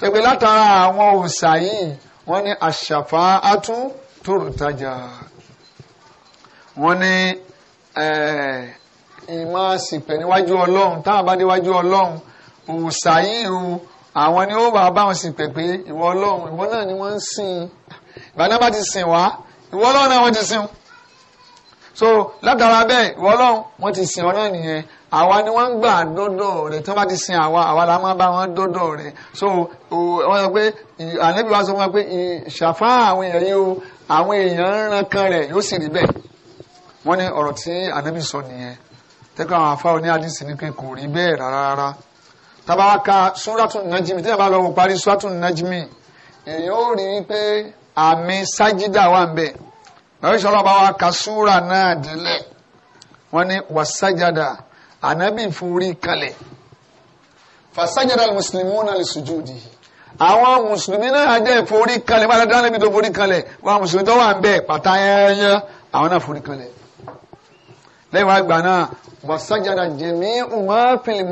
tẹ́gbẹ́ látara àwọn òòṣà yìí wọ́n ní àṣàfà àtúntún ìtajà wọ́n ní eh, ìmọ̀ àsìpẹ̀ níwájú ọlọ́run táwọn bá níwájú ọlọ́run òòṣà yìí o àwọn ni ó bá bá wọn sìpẹ̀ pé ìwọ ọlọ́run ìwọ náà ni wọ́n ń sìn ìbàdàn bá ti sìn wá ìwọ ọlọ́run náà wọ́n ti sìn so látara bẹ́ẹ̀ ìwọ ọlọ́run wọ́n ti sìn ọ náà nìyẹn àwa ni wọ́n ń gbà dọ́dọ̀ rẹ̀ tí wọ́n bá ti sin àwa àwa la máa bá wọn dọ́dọ̀ rẹ̀ so wọ́n sọ pé ànábì wa sọ fún wa pé ṣàfá àwọn èèyàn yìí o àwọn èèyàn ń ran kan rẹ̀ yóò sì rí bẹ́ẹ̀ wọ́n ní ọ̀rọ̀ tí ànábì sọ nìyẹn tẹ́kọ̀ àwọn afáwọn ní àdìsí ni pé kò rí bẹ́ẹ̀ rárá rárá tábà wá ka sóràtún nàjìmí tí yàrá lọ́wọ́ parí sóràtún nàjìmí èèyàn ó rí i pé àmì sájídà wà ń bẹ̀ lọ́wọ́ ìṣọ́lọ́ bá wa ka súrà náà délẹ̀ wọ́n ní wàsájádà ànábì forí kalẹ̀ fasajara muslimuna li sujudi àwọn mùsùlùmí náà jẹ́ forí kalẹ̀ wọn dáná níbi tó forí kalẹ̀ wọn mùsùlùmí tó wà ń bẹ pàtà yẹnyẹn àwọn náà forí kalẹ̀ lẹ́yìn wá gbà náà wasajara jami'u ma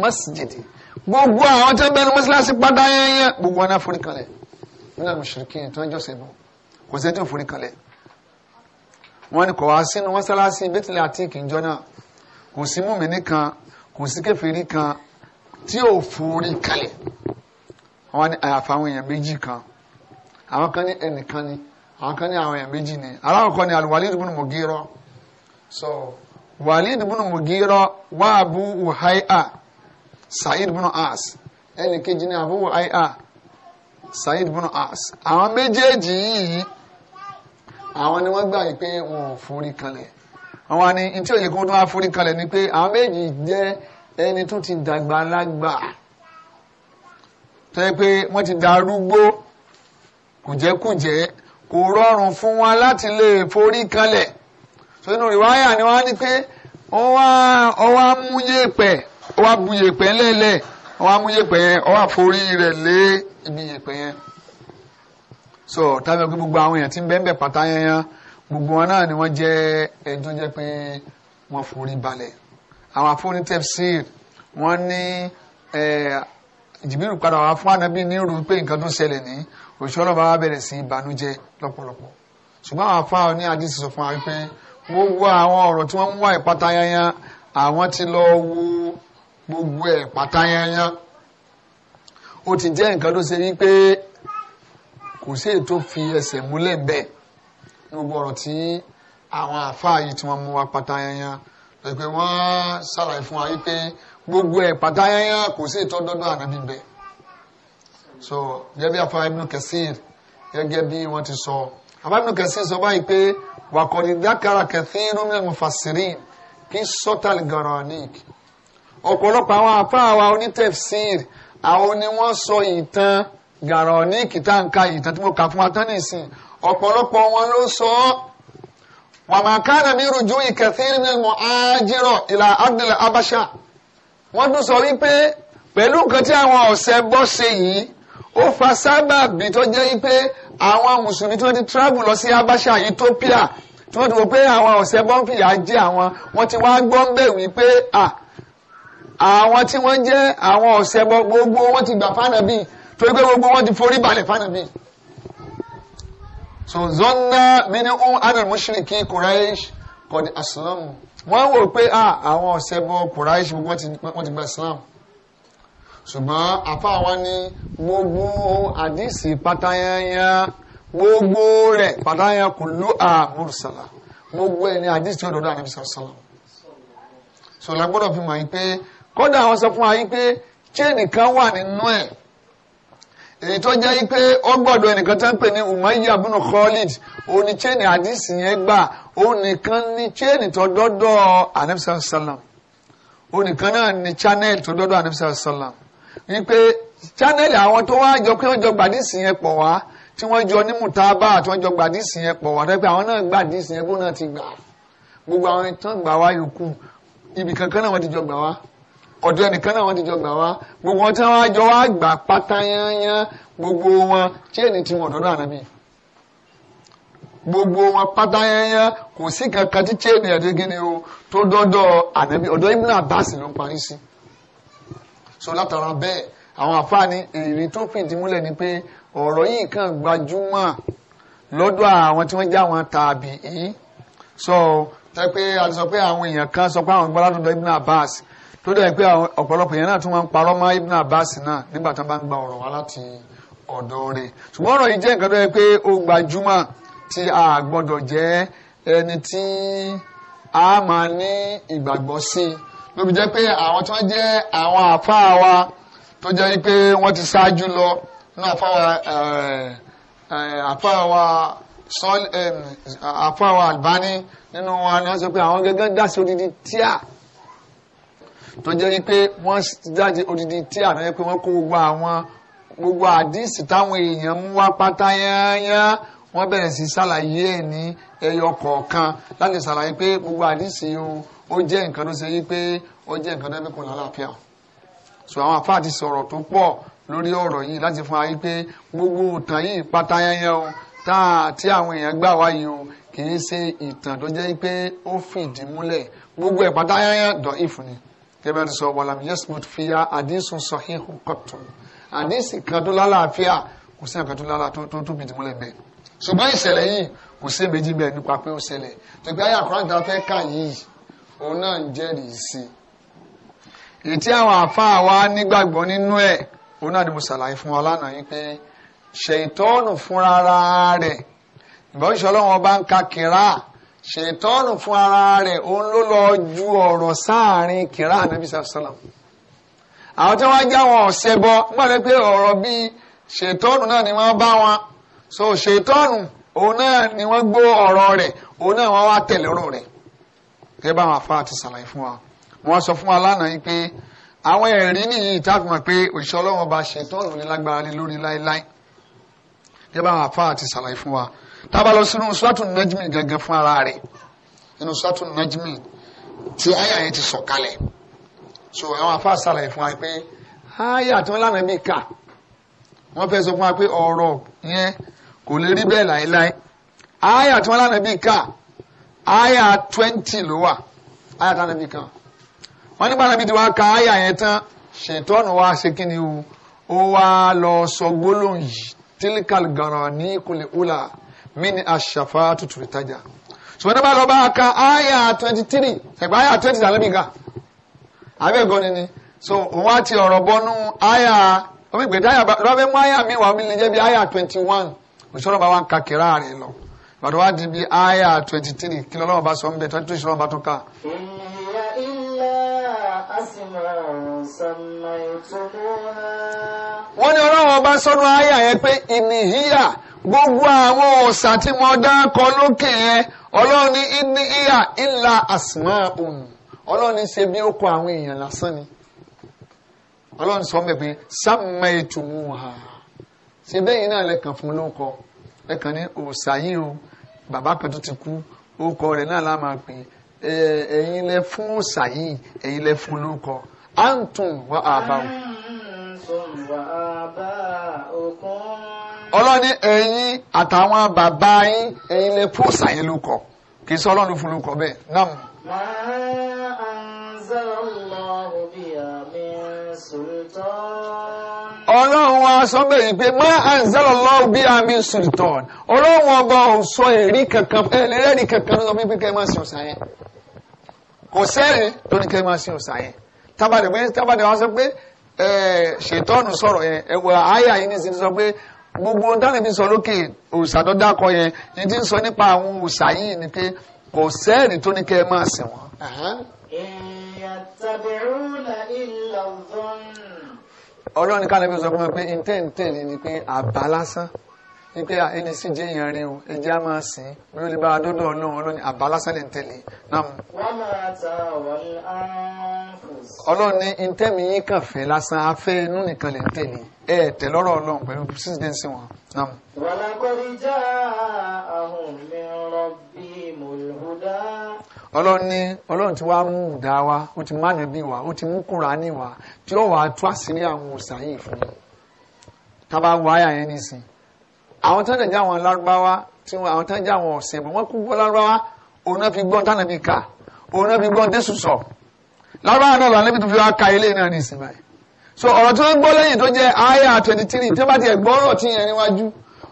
masjidi gbogbo àwọn tó ń bẹ ní mọ́sálásí pàtà yẹnyẹn gbogbo wọn náà forí kalẹ̀ nínú mushrikin tó ń jọ́sìn bọ̀ kò sẹ́ni tó forí kalẹ̀ wọ́n ní kò wá sínú mọ́sálásí bẹ́tìlẹ̀ àti kìjọ náà kò sí mùmí nìkan kò sí kèfèrí kan tí ò forí kalẹ̀ wọ́n ní àyàfà àwọn èèyàn méjì kan àwọn kan ní ẹnìkan ni àwọn kan ní àwọn èèyàn méjì ni aláwọ̀ kan ní al-Walid so Walid ibn Mughira wa Abu Uhayha Sa'id ibn As ẹnì kejì ní Abu Uhayha Sa'id ibn As àwọn méjèèjì yìí àwọn ni wọ́n gbà pé wọn ò forí kalẹ̀ àwọn àni tí òye kó tó wá forí kalẹ̀ ni pé àwọn méjì jẹ́ ẹni tó ti dàgbà lágbà tó yẹ pé wọ́n ti darúgbó kùjẹ́kùjẹ́ kò rọrùn fún wọn láti lè forí kalẹ̀ tó inú rìwáyà ni wọ́n á ní pé ó wá mú yèèpẹ̀ ó wá bu yèèpẹ̀ lẹ́lẹ̀ ó wá mú yèèpẹ̀ yẹn ó wá forí rẹ̀ lé ibi yèèpẹ̀ yẹn so tábìlì gbogbo àwọn èèyàn ti ń bẹ́ẹ̀ bẹ́ẹ̀ pátá yẹn yẹn gbogbo wọn náà ni wọ́n jẹ́ ẹni tó jẹ́ pé wọ́n forí balẹ̀ àwọn afúnni tafsir wọ́n ní jìbìrì padà wá fún ànábì ní irú pé nǹkan tó ṣẹlẹ̀ ní òṣìṣẹ́ ọlọ́ba wa bẹ̀rẹ̀ sí ìbànújẹ́ lọ́pọ̀lọpọ̀ ṣùgbọ́n àwọn afáà ní àdìsí sọ fún wa pé gbogbo àwọn ọ̀rọ̀ tí wọ́n ń wá ìpátá yányán àwọn ti lọ wo gbogbo ẹ̀ pátá yányán ó ti jẹ́ nǹkan tó ṣe wípé kò sí ètò fi ẹsẹ̀ múlẹ̀ bẹ́ẹ̀ gbogbo ọ̀rọ̀ tí àwọn àfáà yìí tí wọ́n mú wa pátá yanyan pẹ̀pẹ́ wọ́n ṣàlàyé fún wa wípé gbogbo ẹ̀ pátá yanyan kò sí ìtọ́dọ́dọ́ ànábì bẹ́ẹ̀ so gẹ́gẹ́ bí àfáà Ibn Kathir gẹ́gẹ́ bí wọ́n ti sọ àfáà Ibn Kathir sọ báyìí pé wàkọ̀dì dákàrà kathirun minal mufassirin kí sọ́tàlì garanik ọ̀pọ̀lọpọ̀ àwọn àfáà wa onítẹ̀fsir àwọn ni wọ́n sọ ìtàn garanik tá mo kà fún wa ọ̀pọ̀lọpọ̀ wọn ló sọ ọ́ wàmà kánà mi rújú ìkẹsìrì ní mọ ájírọ̀ ìlà abdulai abasha wọ́n tún sọ wípé pẹ̀lú nǹkan tí àwọn ọ̀sẹ̀ bọ́ ṣe yìí ó fa sábàbí tó jẹ́ wípé àwọn mùsùlùmí tí wọ́n ti travel lọ sí abasha Ethiopia tí wọ́n ti wò pé àwọn ọ̀sẹ̀ bọ́ ń fìyà jẹ àwọn wọ́n ti wá gbọ́ ń bẹ̀ wípé à àwọn tí wọ́n jẹ́ àwọn ọ̀sẹ̀ bọ́ gbogbo wọ́n ti gbà fánàbí torí pé gbogbo wọ́n ti forí balẹ̀ fánàbí so zọ́nà minhum anil mushriki Quraish kọ́ni asilamu wọ́n wò pé ah, àwọn ọ̀sẹ̀ bọ́ Quraish gbogbo wọ́n ti gba islam ṣùgbọ́n apá wọn ni gbogbo àdìsí pátáyányá gbogbo rẹ̀ pátáyányá kò ló àmúrùsàlà gbogbo ẹni àdìsí ọ̀dọ̀dọ̀ ànábì sàlá so la gbọ́dọ̀ fi mọ̀ yín pé kódà àwọn sọ fún wa yín pé chain kan wà nínú ẹ̀ èyí tó jẹ́ pé ó gbọ́dọ̀ ẹnìkan tó ń pè ní Umayya bunu Khalid òní chéènì àdìsí yẹn gbà ònìkan ní chéènì tó dọ́dọ̀ anamisa salam ònìkan náà ní channel tó dọ́dọ̀ anamisa salam wípé channel àwọn tó wá jọ pé wọ́n jọ gbàdísì yẹn pọ̀ wá tí wọ́n jọ ní mutaba tí wọ́n jọ gbàdísì yẹn pọ̀ wá tẹ́pẹ́ àwọn náà gbàdísì yẹn bó náà ti gbà gbogbo àwọn ìtàn gbà wá yòókù ibì kankan náà wọ́n ti jọ gbà wá ọ̀dọ̀ ẹnìkan náà wọ́n ti jọ gbà wá gbogbo wọn tí wọ́n á jọ wá gbà pátá yányán gbogbo wọn tí ẹni tí wọn ọ̀dọ́dọ̀ ànábì gbogbo wọn pátá yányán kò sí kankan tí chain ẹ̀dẹ́gẹ́ni o tó dọ́dọ̀ ànábì ọ̀dọ̀ Ibn Abbas ló ń parí sí so látara bẹ́ẹ̀ àwọn àfáàní èrè tó fìdí múlẹ̀ ni pé ọ̀rọ̀ yìí kan gbajúmọ̀ lọ́dọ̀ àwọn tí wọ́n já wọn tàbí so tẹ́ pé a ti sọ pé àwọn èèyàn kan sọ pé àwọn gbọ́dọ̀ Ibn Abbas tó dẹ̀ pé ọ̀pọ̀lọpọ̀ yẹn náà tún máa ń parọ́ mọ́ Ibn Abbas náà nígbà tó bá ń gba ọ̀rọ̀ wá láti ọ̀dọ̀ rẹ̀ ṣùgbọ́n ọ̀rọ̀ yìí jẹ́ nǹkan tó yẹ pé ó gbajúmọ̀ tí a gbọ́dọ̀ jẹ́ ẹni tí a máa ní ìgbàgbọ́ sí i lóbi jẹ́ pé àwọn tí wọ́n jẹ́ àwọn àfáà wa tó jẹ́ wípé wọ́n ti ṣáájú lọ ní àfáà wa àfáà wa Albani nínú wọn ni wọ́n sọ pé àwọn gẹ́gẹ́ dá tó jẹ́ wípé wọ́n jáde odidi tí àná yẹ pé wọ́n kó gbogbo àwọn gbogbo àdìsí táwọn èèyàn mú wá pátá yányá wọ́n bẹ̀rẹ̀ sí ṣàlàyé ẹ̀ ní ẹyọ kọ̀ọ̀kan láti ṣàlàyé pé gbogbo àdìsí o ó jẹ́ nǹkan tó ṣe wípé ó jẹ́ nǹkan tó ẹ̀mí kò lálàáfíà so àwọn àfáà ti sọ̀rọ̀ tó pọ̀ lórí ọ̀rọ̀ yìí láti fún wa wípé gbogbo ìtàn yìí pátá yányá o táà tí àwọn èèyàn gbà wá o kì í ṣe ìtàn tó jẹ́ wípé ó fìdí múlẹ̀ gbogbo ẹ̀ pátá yányá dọ̀ ìfúnni kẹ́bẹ́ ti sọ wàlám yasmut fiya àdínsùn sọ̀híhù kọ̀tù àdínsì kan tó lálàáfíà kò sí àkàtún lára tó tó tóbi tí mo lè bẹ̀. ṣùgbọ́n ìṣẹ̀lẹ̀ yìí kò sí èméjì bẹ́ẹ̀ nípa pé ó ṣẹlẹ̀ tẹ̀gbẹ́ ayé àkùrán fẹ́ kà yìí òun náà ń jẹ́rìí sí i. ètí àwọn àfáà wa nígbàgbọ́ nínú ẹ̀ òun náà ni mo ṣàlàyé fún wa lánàá yìí pé ṣèyítọ́ọ̀nù fúnra rẹ̀ ìbọn ìṣọ́lọ́wọ́n bá ń ka kìrá ṣètọ́nù fún ara rẹ̀ òun ló lọ ju ọ̀rọ̀ sáàrin kìrá ànábì sàlám àwọn tí wọ́n já wọn ọ̀sẹ̀ bọ gbọ́dọ̀ pé ọ̀rọ̀ bíi ṣètọ́nù náà ni wọ́n bá wọn so ṣètọ́nù òun náà ni wọ́n gbọ́ ọ̀rọ̀ rẹ̀ òun náà wọ́n wá tẹ̀lé ọ̀rọ̀ rẹ̀ gẹ́gẹ́ bá àwọn afá ti ṣàlàyé fún wa wọ́n sọ fún wa lánàá yìí pé àwọn ẹ̀rí nìyí tábìmọ̀ pé òṣìṣẹ́ ọlọ́wọ́n ba ṣètọ́nù ní lágbára lé lórí láéláé gẹ́gẹ́ bá àwọn afá ti ṣàlàyé fún wa tába lọ sínú sọ́tún najmi gẹ́gẹ́ fún ara rẹ̀ nínú sọ́tún najmi tí àyà yẹn ti sọ̀ kalẹ̀ so àwọn afáà sàlàyé fún wa pé àyà tí wọ́n lànà bí kà wọ́n fẹ́ sọ fún wa pé ọ̀rọ̀ yẹn kò lè rí bẹ́ẹ̀ láéláé àyà tí wọ́n lànà bí kà àyà twenty ló wà àyà tí wọ́n lànà bí kà wọ́n nígbà náà bí ti wá ka àyà yẹn tán ṣètọ́nù wa ṣe kí ni o ó wá lọ sọ gbólóhùn yìí tílíkàlì gàràn ní ìkùlẹ̀ òlà mini aṣàfà tutù ìtajà ṣùgbọ́n nígbà lọ́ba aka àyà twenty three ṣẹ̀gbọ́n àyà twenty tàbí bí ga àbẹ̀gọ́ ni ni so òun á ti ọ̀rọ̀ bọ́nú àyà omi ìgbẹ́ta àyà lọ́bẹ̀ mú àyà mi wà mí lè jẹ́ bí àyà twenty one òṣìṣẹ́ ọba wa ń ka kẹrẹ́ àárẹ̀ lọ ìbàdàn wa di bí àyà twenty three kí lọ́wọ́ sọ ń bẹ twenty two ìṣọ́nà bá tún ká. wọ́n ní ọlọ́run ọba sọ́nù àyà yẹn pé ìnìhíyà gbogbo àwọn ọ̀sà tí mo dá kọ lókè yẹn ọlọ́run ní ní ìlà àsìmọ́ òun ọlọ́run ṣe bí ó kọ àwọn èèyàn lásán ni ha ṣe bẹ́yìn náà lẹ́kàn fún lóko lẹ́kàn ní yìí o bàbá kan tó ti kú orúkọ rẹ̀ náà láà máa pè ẹ̀yin lẹ fún òòsà yìí ẹ̀yin lẹ fún lóko wa òkun. ọlọ́ni ẹ̀yin àtàwọn bàbá yín ẹ̀yin lè fún sàyẹn lukọ kì í sọ ọlọ́run fún lukọ bẹ́ẹ̀ nam. ma anzalallahu biha min sultan. ọlọ́run wa sọ bẹ́ẹ̀ yìí pé ma anzalallahu biha min sultan ọlọ́run ọba ò sọ èrí kankan ẹlẹ́rìí kankan ló sọ fún pípẹ́ máa sin ọ̀sán yẹn kò sẹ́rìn tó ní kẹ́ máa sin ọ̀sán yẹn tábàdì wọ́n sọ pé ṣètọ́nù sọ̀rọ̀ yẹn ẹ̀wọ̀ àyà yìí ní sin pé gbogbo ohun táwọn ẹbí sọ lókè òòṣà tó dákọ yẹn ní ti ń sọ nípa àwọn òòṣà yìí ni pé kò sẹ́ẹ̀rì tó ní kẹ́ ẹ máa sìn wọ́n. ọlọ́run ní ká lè fi sọ fún mi pé ntẹ́ntẹ́ ni pé àbá lásán wípé ẹni sí jẹ́ èèyàn rí o ẹjẹ́ á máa sìn bí ó lè bá adọ́dọ̀ ọlọ́run ọlọ́run àbá lásán lè tẹ̀lé náà. ọlọ́run ní intẹ́mi yín kàn fẹ́ lásán afẹ́ inú nìkan lè tẹ̀lé ẹ tẹ̀ lọ́rọ̀ ọlọ́run pẹ̀lú presidency wọn náà. wàlàkọ́rí já àhùn mi rọ̀bì mọ̀lúdá. ọlọ́run ní ọlọ́run ti wá mú ìdá wa ó ti má nàbí wa ó ti mú Kùránì wa tí ó wàá tú àṣírí àwọn òòsàn yìí fún mi. tá a yẹn nísìnyí àwọn tán lè jẹ́ àwọn lárúbáwá tí wọ́n àwọn tán jẹ́ àwọn ọ̀sìn bọ̀ wọ́n kú gbọ́ lárúbáwá òun náà fi gbọ́n tánà mi kà òun náà fi gbọ́n Jésù sọ lárúbáwá náà lọ níbi tó fi wá ka ilé náà ní ìsinmi so ọ̀rọ̀ tí wọ́n gbọ́ lẹ́yìn tó jẹ́ aya twenty three tí wọ́n bá tiẹ̀ gbọ́rọ̀ tí yẹn níwájú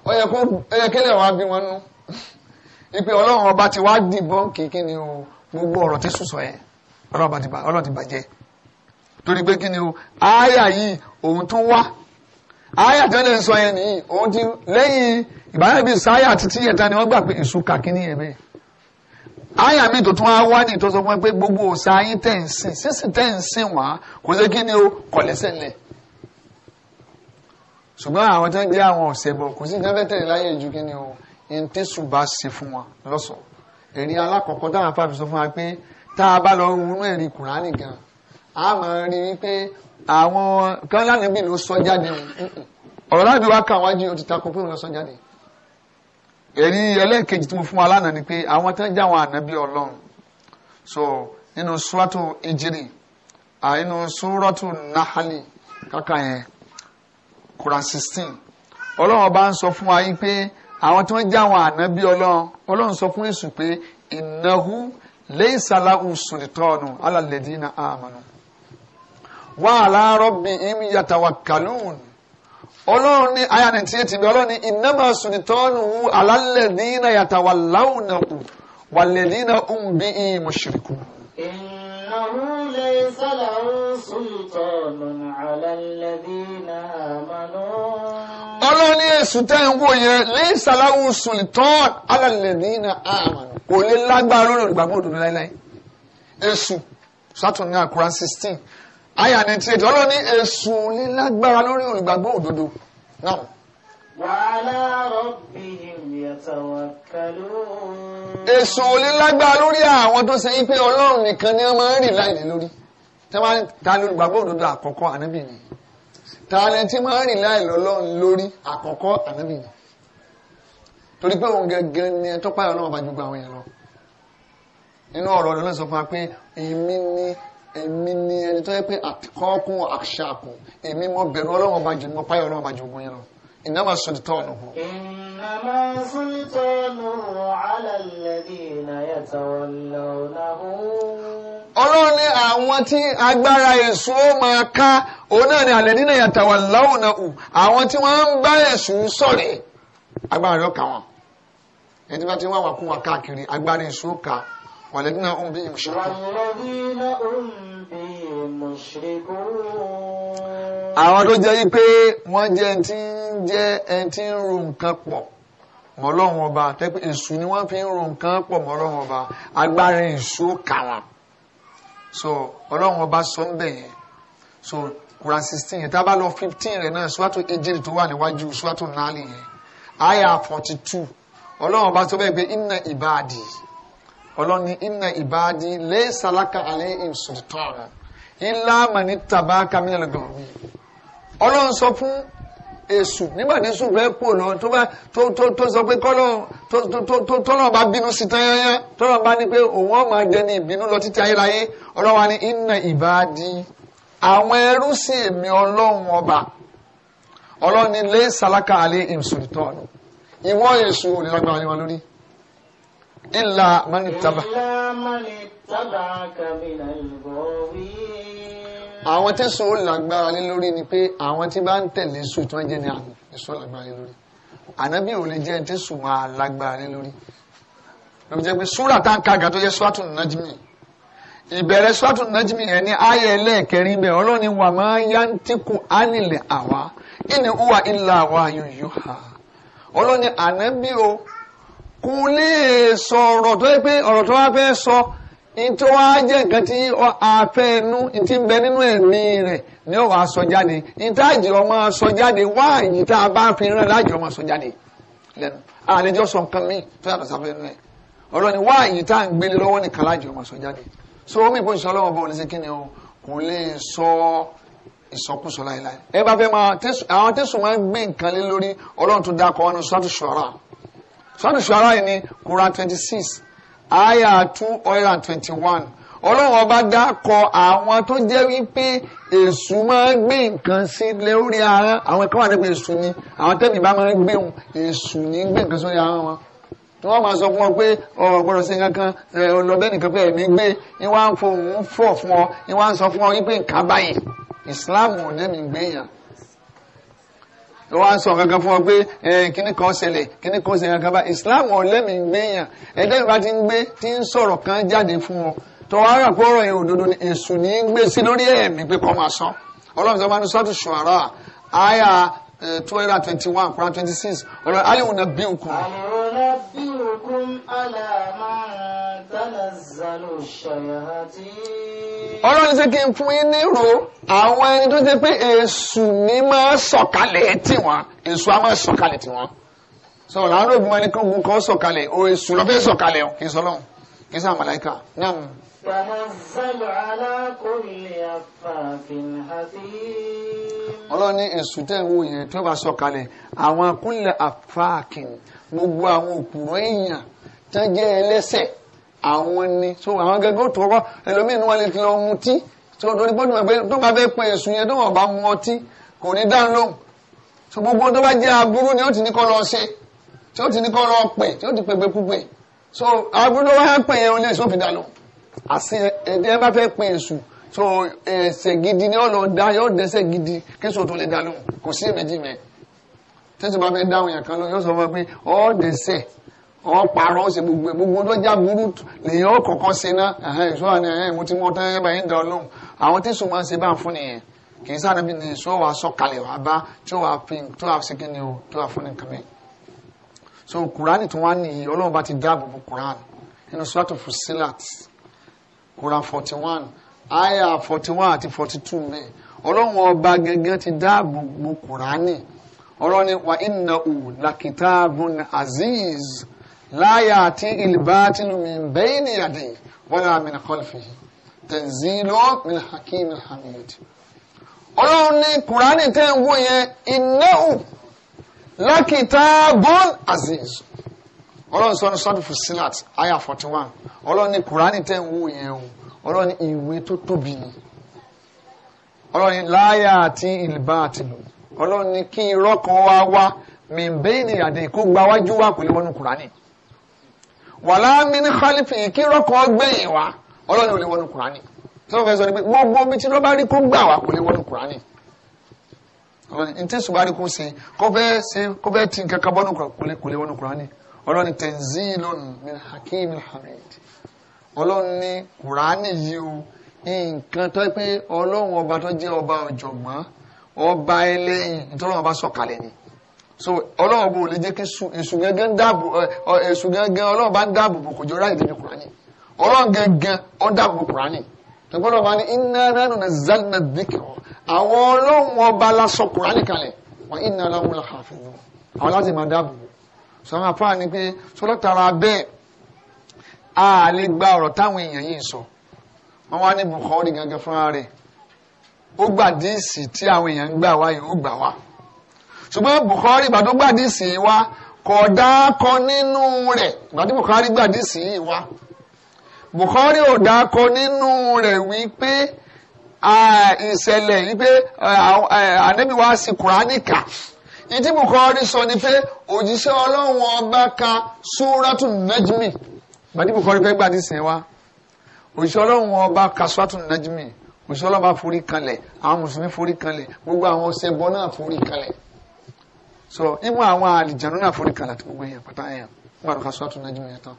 ó yẹ kó ẹyẹ kẹ́lẹ́ wàá bí wọn nú ipe ọlọ́run ọba ti wá dìbọn kíkíni o gbogbo ọ̀rọ̀ tí sùsọ yẹn ọlọ́run ti bàjẹ́ torí pé Aya tí wọ́n lè sọ yẹn nìyí òun ti lẹ́yìn ìbáyọ̀ bíi sáyà títí yẹn ta ni wọ́n gbà pé èṣù kàkíní yẹn bẹ́ẹ̀ àyà mi tó tún wá wá ní ìtọ́sọ fún ẹ pé gbogbo òòṣà yín tẹ̀ ń sìn sísìn tẹ̀ ń sìn wá kò sí kí ni ó kọ̀ lẹ́sẹ̀ lẹ̀ ṣùgbọ́n àwọn tó ń jẹ́ àwọn ọ̀sẹ̀ bọ̀ kò sí ìjọba tẹ̀lé láyé ju kí ni o ní tí ṣùgbà ṣe fún wọn lọ́sọ̀ ẹ̀rí alákọ̀ọ́kọ́ táwọn afáàfin sọ fún wa pé tá a bá lọ ronú ẹ̀rí kùránì gan a máa rí i àwọn kan lánàá bí ló sọ jáde ọ̀rọ̀ láti wá kà wájú o ti takò pé òun lọ sọ jáde èrí ẹlẹ́ẹ̀kejì tí mo fún wa lánàá ni pé àwọn tán já àwọn ànábì ọlọ́run so nínú suratu ejiri àìnú suratu nahali kàkà yẹn Quran sixteen ọlọ́run ọba ń sọ fún wa yín pé àwọn tí wọ́n já àwọn ànábì ọlọ́run ọlọ́run sọ fún èṣù pé innahu laysa lahu sultanu ala alladhina amanu wa ala rabbihim yatawakkalun ọlọ́run ní aya ninety eight bí ọlọ́run ní innama sultanu ala alladhina yatawallawnahu walladhina hum bihi mushrikun. إنه ليس له سلطان على الذين آمنوا ọlọ́run ní èsùn tẹ́ ń wò yẹn lẹ́yìn sàláwù sùlìtọ́ọ̀n alàlẹ́dínà àmàlù kò lè lágbára lórí olùgbàgbọ́ òdodo láéláé èsùn sátún ní àkùrá sixteen àyà ni tí ètò ọlọ́ni èsùn lílágbára lórí olùgbàgbọ́ òdodo náà. wàhálà rọ̀bì yatawakkalun. èsùn lílágbára lórí àwọn tó ṣe yí pé ọlọ́run nìkan ni wọ́n máa ń rìn láìlè lórí ta ni olùgbàgbọ́ òdodo àkọ́kọ́ ànábì ni ta ni tí máa ń rìn láìlè ọlọ́run lórí àkọ́kọ́ ànábì torí pé òun gẹ́gẹ́ ni ẹ tó pààyàn náà bá gbogbo àwọn èèyàn lọ nínú ọ̀rọ̀ ọ̀dọ́ náà sọ fún wa pé èmi ni èmi ni ẹni tó yẹ pé àtikọ́kùn àṣàkùn èmi mọ bẹ̀rù ọlọ́run ọba jù mọ páyọ̀ ọlọ́run ọba jù ogun yẹn lọ ìnáma sọ̀títọ́ ọ̀nà hù. ìnáma sọ̀títọ́ ọ̀nà alàlẹ́dì ìnáyà tàwọn lọ́nà hù. ọlọ́run ní àwọn tí agbára èṣù máa ká òun náà ni àlẹ́dì ìnáyà tàwọn lọ́nà hù àwọn tí wọ́n ń bá èṣù sọ̀rẹ́ agbára rẹ̀ ọ̀kà والذين هم به مشركون والذين هم به مشركون àwọn tó jẹ́ yí pé wọ́n jẹ́ ẹni tí ń jẹ́ ẹni tí ń ro nǹkan pọ̀ mọ́ ọba tẹ́pẹ́ èṣù ni wọ́n fi ń ro nǹkan pọ̀ mọ́ ọba agbára èṣù kà so Ọlọ́run ọba sọ ń bẹ̀ yẹn so kura sixteen yẹn tá lọ fifteen rẹ̀ náà suwato ejiri tó wà níwájú suwato nali yẹn aya forty two Ọlọ́run ọba sọ bẹ́ẹ̀ pé inna ibadi ọlọ́ni inna ìbáàdí laysa laka alayhim sultan illa mani tabaka minal ghawi ọlọ́run sọ fún èṣù nígbà tí èṣù bẹ́ẹ̀ pò lọ tó bá tó tó tó sọ pé kọ́lọ́ tó tó tó tọ́lọ́ bá bínú sí tán yányá tọ́lọ́ bá ní pé òun ọmọ ẹdẹ ní ìbínú lọ títí ayérayé ọlọ́wà ní inna ìbáàdí àwọn ẹrú sí èmi ọlọ́run ọba ọlọ́ni laysa laka alayhim sultan ìwọ èṣù ò ní lágbára ní wọn lórí ilà mọ́nìtàbà. àwọn tí sùn lágbára lé lórí ni pé àwọn tí bá ń tẹ̀lé sùn tí wọ́n jẹ́ ní àná sùn lágbára lé lórí ànábì ò lè jẹ́ tí sùn máa lágbára lé lórí lọ́bi jẹ́ pé súrà tá ń ka àgàtọ́ jẹ́ súràtún nájìmí ìbẹ̀rẹ̀ súràtún nájìmí yẹn ní ayé ẹlẹ́ẹ̀kẹrin bẹ̀ ọlọ́ni wà máa ń ń tìkù ánìlẹ̀ àwa ìní ìlà àwa yòyò ha ọlọ́ni ànábì o kò lè sọ ọ̀rọ̀ tó yẹ pé ọ̀rọ̀ tó wá fẹ́ sọ ntí wọ́n jẹ́ nǹkan tí afẹ́ inú ń bẹ nínú ẹ̀mí rẹ̀ ni ó wàá sọ jáde ntí àjẹ́ ọmọ sọ jáde wá èyí tá a bá fi rán lájẹ́ ọmọ sọ jáde lẹ́nu àlejò sọ nǹkan míì tó yàtọ̀ sáfẹ́ inú ẹ̀ ọ̀rọ̀ ni wá èyí tá à ń gbélé lọ́wọ́ nìkan lájẹ́ ọmọ sọ jáde so omi ìbò ìṣọ́ lọ́wọ́ bọ̀ ní kíni o kò lè sọ ìsọkúsọ láìláì ẹ bá fẹ́ máa àwọn tẹ̀sùn máa ń gbé nǹkan lé lórí ọlọ́run tó dáa kọ́ wọn ní sọ́tù ṣọ́ra sọ́nà ìṣòro ayé ni Quran twenty six ayah two oil and twenty one ọlọ́run ọba dákọ àwọn tó jẹ́ wípé èṣù máa ń gbé nǹkan sí lórí ara àwọn ẹ̀kọ́ wà nípa èṣù ni àwọn tẹ́mi bá máa ń gbé wọn èṣù ní gbé nǹkan sórí ara wọn tí wọ́n máa sọ fún ọ pé ọ̀rọ̀ gbọ́dọ̀ sí nǹkan kan ọlọ́bẹ̀ nìkan pé ẹ̀mí gbé ni wọ́n á fọ òun fọ̀ fún ọ ni wọ́n á sọ fún ọ wípé nǹkan báyìí Islam ò lẹ́mìí wọ́n á sọ kankan fún ọ pé eh, kíní kan ṣẹlẹ̀ kíní kan ṣẹlẹ̀ kankan bá Islam ọ̀lẹ́mì ń gbéyàn ẹ̀dẹ́gbẹ̀ bá ń gbé tí ń sọ̀rọ̀ kan jáde fún ọ tọ́wọ́ ara kó ọ̀rọ̀ yẹn òdodo ni èṣù ní í gbé sí lórí ẹ̀mí pé kọ́ máa sọ ọlọ́run sọ fún sọ́tù ṣùwárà àyà two eh, hundred twenty one kura twenty six ọ̀rọ̀ alẹ́ òun náà bí òkun. àlọ́ ọlọ́run ṣe kí n fún yín nírò àwọn ẹni tó ṣe pé èṣù ní máa sọ̀kalẹ̀ tiwọn èṣù á máa sọ̀kalẹ̀ tiwọn sọ̀rọ̀ láàárọ̀ ìgbìmọ̀ ẹni kan kọ́ sọ̀kalẹ̀ o èṣù lọ́fẹ́ sọ̀kalẹ̀ o kì í sọ́lọ́run kì í sàmàlàíkà náà. تنزل على كل أفاك حكيم ọlọ́run ní èṣù tẹ́ ń wò yẹn tó bá sọ̀kalẹ̀ àwọn akúnlẹ̀ afáàkìn gbogbo àwọn òpùrọ̀ èèyàn tán àwọn ni so àwọn gẹ́gẹ́ tó rọ ẹlòmíín ni wọ́n lè ti lọ mu tí tí wọ́n torí gbọ́dọ̀ pé tó bá fẹ́ pẹ́ ẹ̀sùn yẹn tó wọ́n bá mu ọtí kò ní dá lóhùn so gbogbo tó bá jẹ́ aburú ni ó ti ní kọ́ lọ ṣe tí ó ti ní kọ́ lọ pè tí ó ti pè pé púpè so aburú ló wá pè yẹn ó lè sófin dá lọ àti ẹ̀dí ẹ bá fẹ́ pẹ́ ẹ̀sùn so ẹ̀ṣẹ̀ gidi ni ó lọ dá yóò dẹ́ṣẹ̀ gidi kí so tó lè dá lóhùn kò sí èméjì mẹ́ tẹ́sí bá fẹ́ dáhùn yẹn kan lọ yóò sọ fún ọ pé ọ́ dẹ́ṣẹ̀ wọ́n parọ́ ṣe gbogbo ẹ̀ gbogbo tó já burú lèyìn ó kọ̀ọ̀kan ṣe ná ìṣó àná ẹ̀ mo ti mọ tán ẹ̀ báyìí ń dán lóhùn àwọn tí sùn máa ń ṣe bá ń fún nìyẹn kì í sáré bí nìyẹn sọ wàá sọ kalẹ̀ wàá bá tí wàá fi tó wàá ṣe kíni o tó wàá fún nìkan mi. so kùránì tó wàá nìyí ọlọ́run bá ti dáàbò bo kùránì nínú sọ́tò Fussilat kùrán forty one àyà forty one àti forty two mẹ́ẹ̀ ọlọ́run ọba gẹ́gẹ́ ti dáàbò bo kùránì ọlọ́run ni wa innahu lakitabun aziz láyà àti ìlbátínú min bayni yadihi wala min khalfihi tanzilun min hakimin hamid. ọlọ́run ní kùránì tẹ́ ń wò yẹn innahu lakitabun aziz ọlọ́run sọ ní sọ́dúnfù silat aya forty one ọlọ́run ní kùránì tẹ́ ń wò yẹn o ọlọ́run ní ìwé tó tóbi ni ọlọ́run ní ìlbátínú ọlọ́run ní kí irọ́ kan wá wá min bayni yadihi kó gbáwájú wà pẹ̀lú wọnú kùránì wàlá mi ní khalifi kí rọ́kọ̀ gbẹ̀yìn wá ọlọ́run ò lè wọnú kùránì sọ́wọ́n fẹ́ sọ ni pé gbogbo omi tí lọ́ba rí kó gbà wá kò lè wọnú kùránì ntẹ́sùn bá rí kó ṣe kó fẹ́ ṣe kó fẹ́ ti nǹkan kan bọ́nú kò lè wọnú kùránì ọlọ́run ní tanzilun min hakim hamid ọlọ́run ní kùránì yìí o nǹkan tó pé ọlọ́run ọba tó jẹ́ ọba ọ̀jọ̀gbọ́n ọba ẹlẹ́yìn nítorí wọn bá sọ̀kalẹ̀ ni so ọlọ́run ọgbọ́n ò lè jẹ́ kí èṣù gángan dáàbò èṣù gángan ọlọ́run bá ń dáàbò bò kò jọ ráyè débi kùránì ọlọ́run gángan ó dáàbò bò kùránì tọ́gbọ́n ọba ní iná ránù ní zanna dìkìrọ àwọn ọlọ́run ọba la sọ kùránì kalẹ̀ wọn iná láwọn la hàfin nù àwọn láti máa dáàbò bò sọ ma fáà ni pé sọlá tara bẹ́ẹ̀ a lè gba ọ̀rọ̀ táwọn èèyàn yìí sọ wọn wá ní Bukhari gángan fúnra rẹ̀ ó gbà díìsì tí àwọn èèyàn ń gbà wáyé ó gbà wá ṣùgbọ́n Bukhari ìgbà tó gbàdí sí i wá kódà kọ nínú rẹ̀ ìgbà tí Bukhari gbàdí sí i wá Bukhari ò dákọ nínú rẹ̀ wípé ìṣẹ̀lẹ̀ wípé ànábì wa sí Kùránì ìdí Bukhari sọ ni pé òjíṣẹ́ ọlọ́run ọba ka súrátù Najmi ìgbà tí Bukhari fẹ́ gbàdí sí i wá òjíṣẹ́ ọlọ́run ọba ka súrátù Najmi òṣìṣọ́lọ́ba forí kanlẹ̀ àwọn mùsùlùmí forí kanlẹ̀ gbogbo àwọn ọ̀sẹ̀ bọ́ náà forí kanlẹ̀ so ìmọ̀ àwọn àlìjẹ̀nu náà forí kalẹ̀ àti gbogbo èèyàn pátá èèyàn nígbà tó ká sọ́ọ̀tù náà jùmọ̀ tán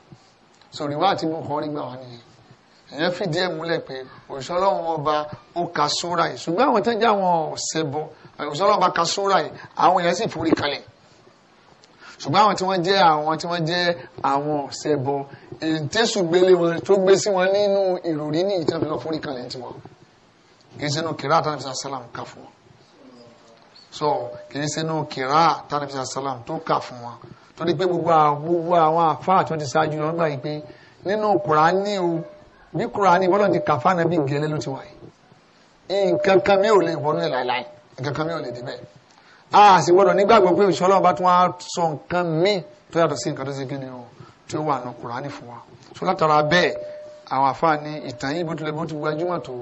so ìwà àti ìbùkún rí gbà wá nìyẹn èèyàn fìdí ẹ̀ múlẹ̀ pé òṣìṣẹ́ ọlọ́run ọba ó ka sóra yìí ṣùgbọ́n àwọn tẹ́jà wọn ọ̀sẹ̀ bọ òṣìṣẹ́ ọlọ́run ọba ka sóra yìí àwọn èèyàn sì forí kalẹ̀ ṣùgbọ́n àwọn tí wọ́n jẹ́ àwọn tí wọ́n jẹ́ àwọn ọ̀sẹ̀ ètésù gbélé wọn tó gbé sí wọn nínú ìròrí ní ìtàn fi lọ so kìí sínú kìrá tánàbí sàlám tó kà fún wa torí pé gbogbo gbogbo àwọn àfáà tó ti ṣáájú lọ nígbà yìí pé nínú kùránì o bí kùránì bọ́lá ti kà fáànà bí gẹ́lẹ́ ló ti wáyé nǹkan kan mi ò lè wọnú ẹ̀ láìláì nǹkan kan mi ò lè débẹ̀ a sì gbọ́dọ̀ nígbàgbọ́ pé ìṣọ́lá ọba tún wá sọ nǹkan míì tó yàtọ̀ sí nǹkan tó ṣe kíni o tí ó wà nù kùránì fún wa so látara bẹ́ẹ̀ àwọn àfáà ní ìtàn yìí bó tilẹ̀ bó ti gbajúmọ̀ tó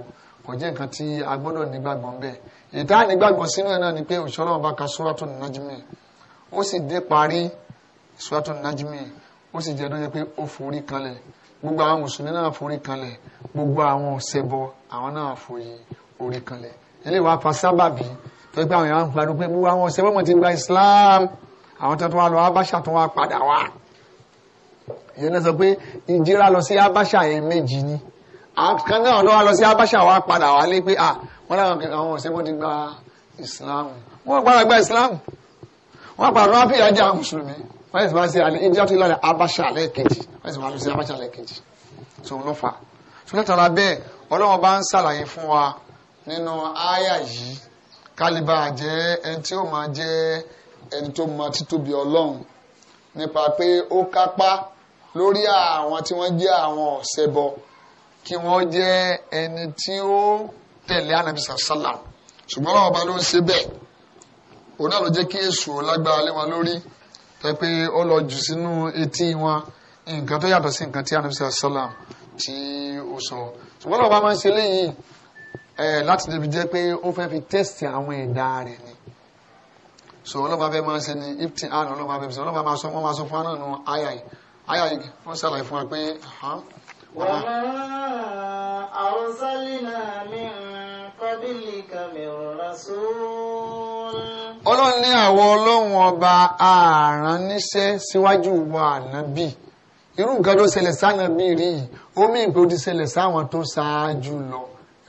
kò jẹ́ nǹkan tí a nígbàgbọ́ bẹ́ẹ̀ ìta nígbàgbọ́ sínú ẹ̀ náà ni pé òṣèlú ọba ka sóràtò nàjìmí ó sì dé parí sóràtò nàjìmí ó sì jẹ́ lóye pé ó forí kanlẹ̀ gbogbo àwọn mùsùlùmí náà forí kanlẹ̀ gbogbo àwọn ṣẹbọ àwọn náà forí orí kanlẹ̀ eléyìí wàá fa sábàbí tó gbé àwọn èèyàn ń gbogbo àwọn ṣẹbọ mọ̀ ti gba Islam àwọn tó wá lọ abáṣà tó wá padà wá ìyẹn náà sọ pé ìjíra lọ sí abáṣà yẹn méjì ni kan náà lọ wá lọ sí abáṣà wá wọ́n láwọn àwọn ọ̀sẹ̀ wọ́n ti gba ìsìláàmù wọ́n padà gba ìsìláàmù wọ́n padà wọ́n fìyà jẹ àwọn mùsùlùmí wọ́n sì máa ṣe àlẹ́ ìjọ tó lọ́lẹ̀ abáṣà lẹ́ẹ̀kejì wọ́n sì máa ṣe abáṣà lẹ́ẹ̀kejì tó ń lọ fà tó látara bẹ́ẹ̀ Ọlọ́run bá ń ṣàlàyé fún wa nínú áyà yìí kálíbà jẹ́ ẹni tí ó máa jẹ́ ẹni tó máa títóbi Ọlọ́run nípa pé ó kápá lórí àwọn tí wọ́n jẹ́ àwọn ọ̀sẹ̀bọ kí wọ́n jẹ́ ẹni tí ó tẹ̀lé anabi sàlám ṣùgbọ́n àwọn ọba ló ń ṣe bẹ́ẹ̀ òun náà ló jẹ́ kí èso lágbára lé wọn lórí tẹ́ ó lọ jù sínú etí wọn nǹkan tó yàtọ̀ sí nǹkan tí anabi sàlám tí ó sọ ṣùgbọ́n àwọn ọba máa ń ṣe léyìí láti débi jẹ́ pé ó fẹ́ fi tẹ́sítì àwọn ẹ̀dá rẹ̀ ni so ọlọ́ba bẹ́ẹ̀ máa ń ṣe ni ifti an ọlọ́ba bẹ́ẹ̀ sọ ọlọ́ba máa sọ fún wọn máa sọ fún wọn náà wọ́n ṣàlàyé fún wa pé وما أرسلنا من قبلك من رسول ọlọ́run ní àwọn ọlọ́run ọba ààrán níṣẹ́ síwájú wa ànábì irú nǹkan tó ṣẹlẹ̀ sánábì rí yìí omi ìpè ó ti ṣẹlẹ̀ sáwọn tó ṣáájú lọ